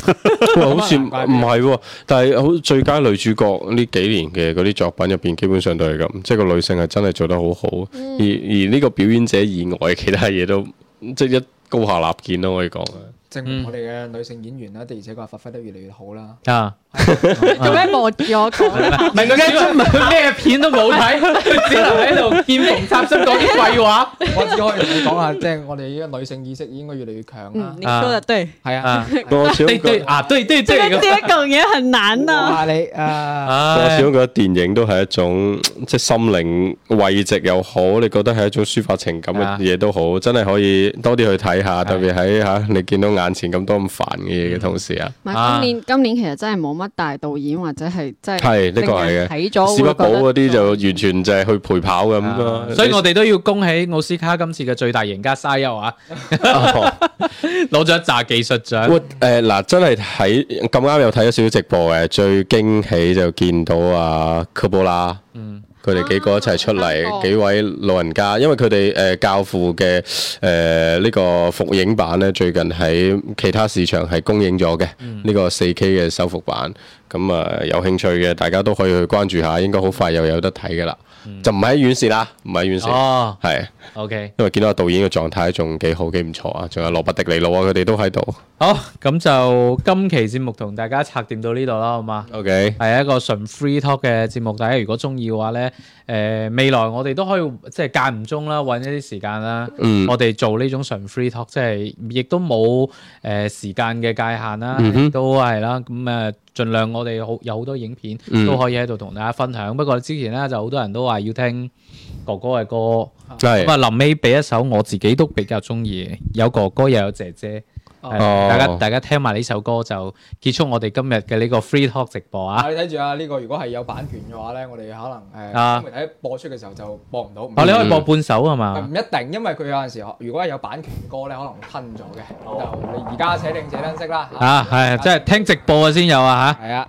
好似唔係，但係好最佳女主角呢幾年嘅嗰啲作品入邊，基本上都係咁，即係個女性係真係做得好好，嗯、而而呢個表演者以外，其他嘢都即係一高下立見都可以講啊，證、嗯、我哋嘅女性演員咧，第而且佢發揮得越嚟越好啦。啊！做咩駁住我講？明佢咩片都冇睇，佢只能喺度見縫插針講啲鬼話。我只可以同你講下，即係我哋依家女性意識應該越嚟越強啦。你覺得對？係啊，我始終覺得啊，對對對，呢一樣嘢很難啊。我話你啊，我始終覺得電影都係一種即係心靈慰藉又好，你覺得係一種抒發情感嘅嘢都好，真係可以多啲去睇下。特別喺吓你見到眼前咁多咁煩嘅嘢嘅同時啊，今年今年其實真係冇。乜大導演或者係即係睇咗《史密堡》嗰啲就完全就係去陪跑咁咯，所以我哋都要恭喜奧斯卡今次嘅最大贏家沙丘啊，攞咗一紮技術獎。誒嗱，真係睇咁啱又睇咗少少直播嘅，最驚喜就見到阿科布拉。佢哋幾個一齊出嚟，幾位老人家，因為佢哋誒教父嘅誒呢個復映版咧，最近喺其他市場係公映咗嘅呢個 4K 嘅修復版。咁啊，有興趣嘅大家都可以去關注下，應該好快又有得睇嘅啦。嗯、就唔喺院視啦，唔喺院視。哦，係是。O K。因為見到個導演嘅狀態仲幾好，幾唔錯啊。仲有羅伯迪尼路啊，佢哋都喺度。好，咁就今期節目同大家拆掂到呢度啦，好嗎？O K。係 Okay. 一個純 free talk 嘅節目，大家如果中意嘅話呢。誒、呃、未來我哋都可以即係間唔中啦，揾一啲時間啦，嗯、我哋做呢種純 free talk，即係亦都冇誒、呃、時間嘅界限啦，嗯、哼都係啦。咁、嗯、誒，儘量我哋好有好多影片都可以喺度同大家分享。嗯、不過之前咧就好多人都話要聽哥哥嘅歌，咁啊臨尾俾一首我自己都比較中意，有哥哥又有姐姐。大家大家聽埋呢首歌就結束我哋今日嘅呢個 Free Talk 直播啊！你睇住啊，呢個如果係有版權嘅話咧，我哋可能誒未睇播出嘅時候就播唔到。哦，你可以播半首啊嘛？唔一定，因為佢有陣時，如果係有版權歌咧，可能會吞咗嘅。就而家寫定寫得識啦。啊，係，即係聽直播啊先有啊嚇。係啊。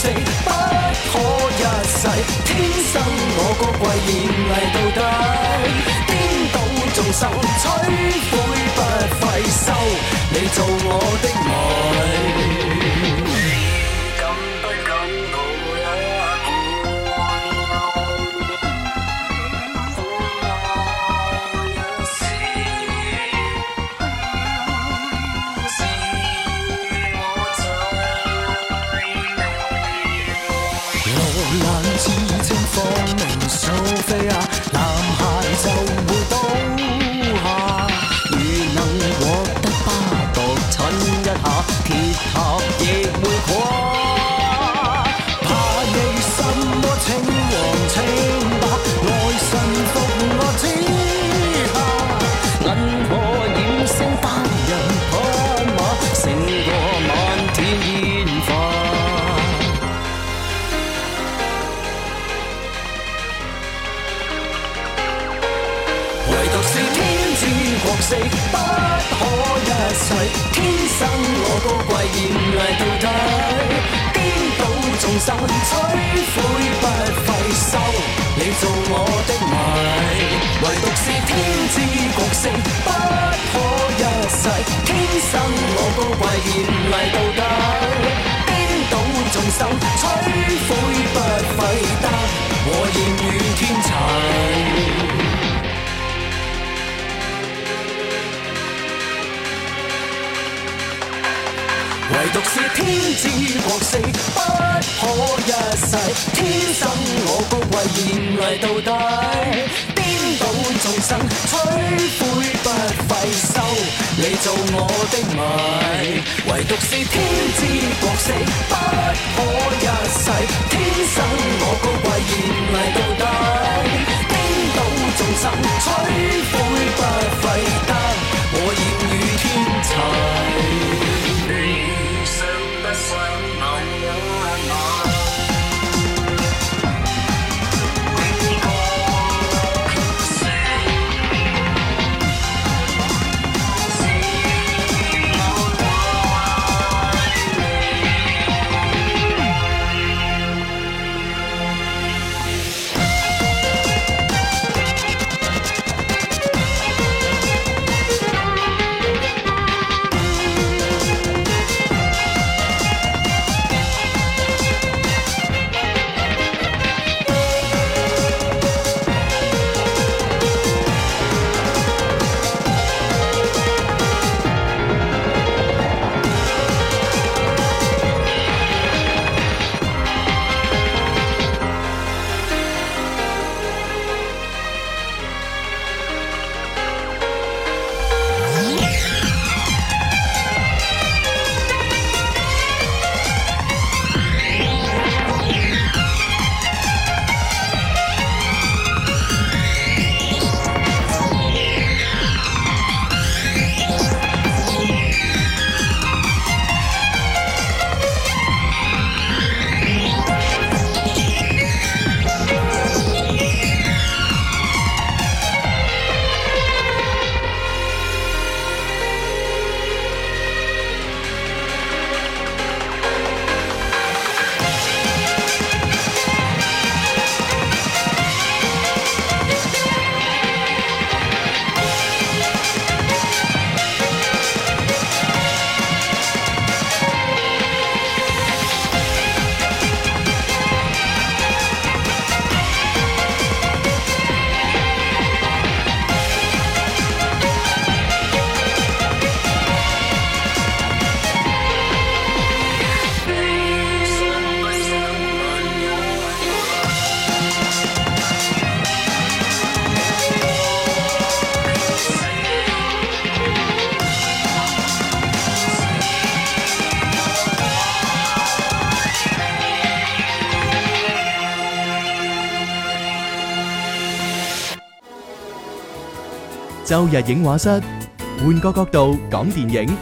不可一世，天生我高貴，艷麗到底，顛倒眾生，摧毀不費，收你做我的愛。摧毀不費吹灰，你做我的迷，唯獨，是天姿國色，不可一世，天生我高貴，豔麗到底。是天之國色，不可一世。天生我高貴，豔麗到底。顛倒眾生，吹灰不費，收你做我的迷，唯獨是天之國色， 不可一世。天生我高貴，豔麗到底。周日影畫室，換個角度講電影。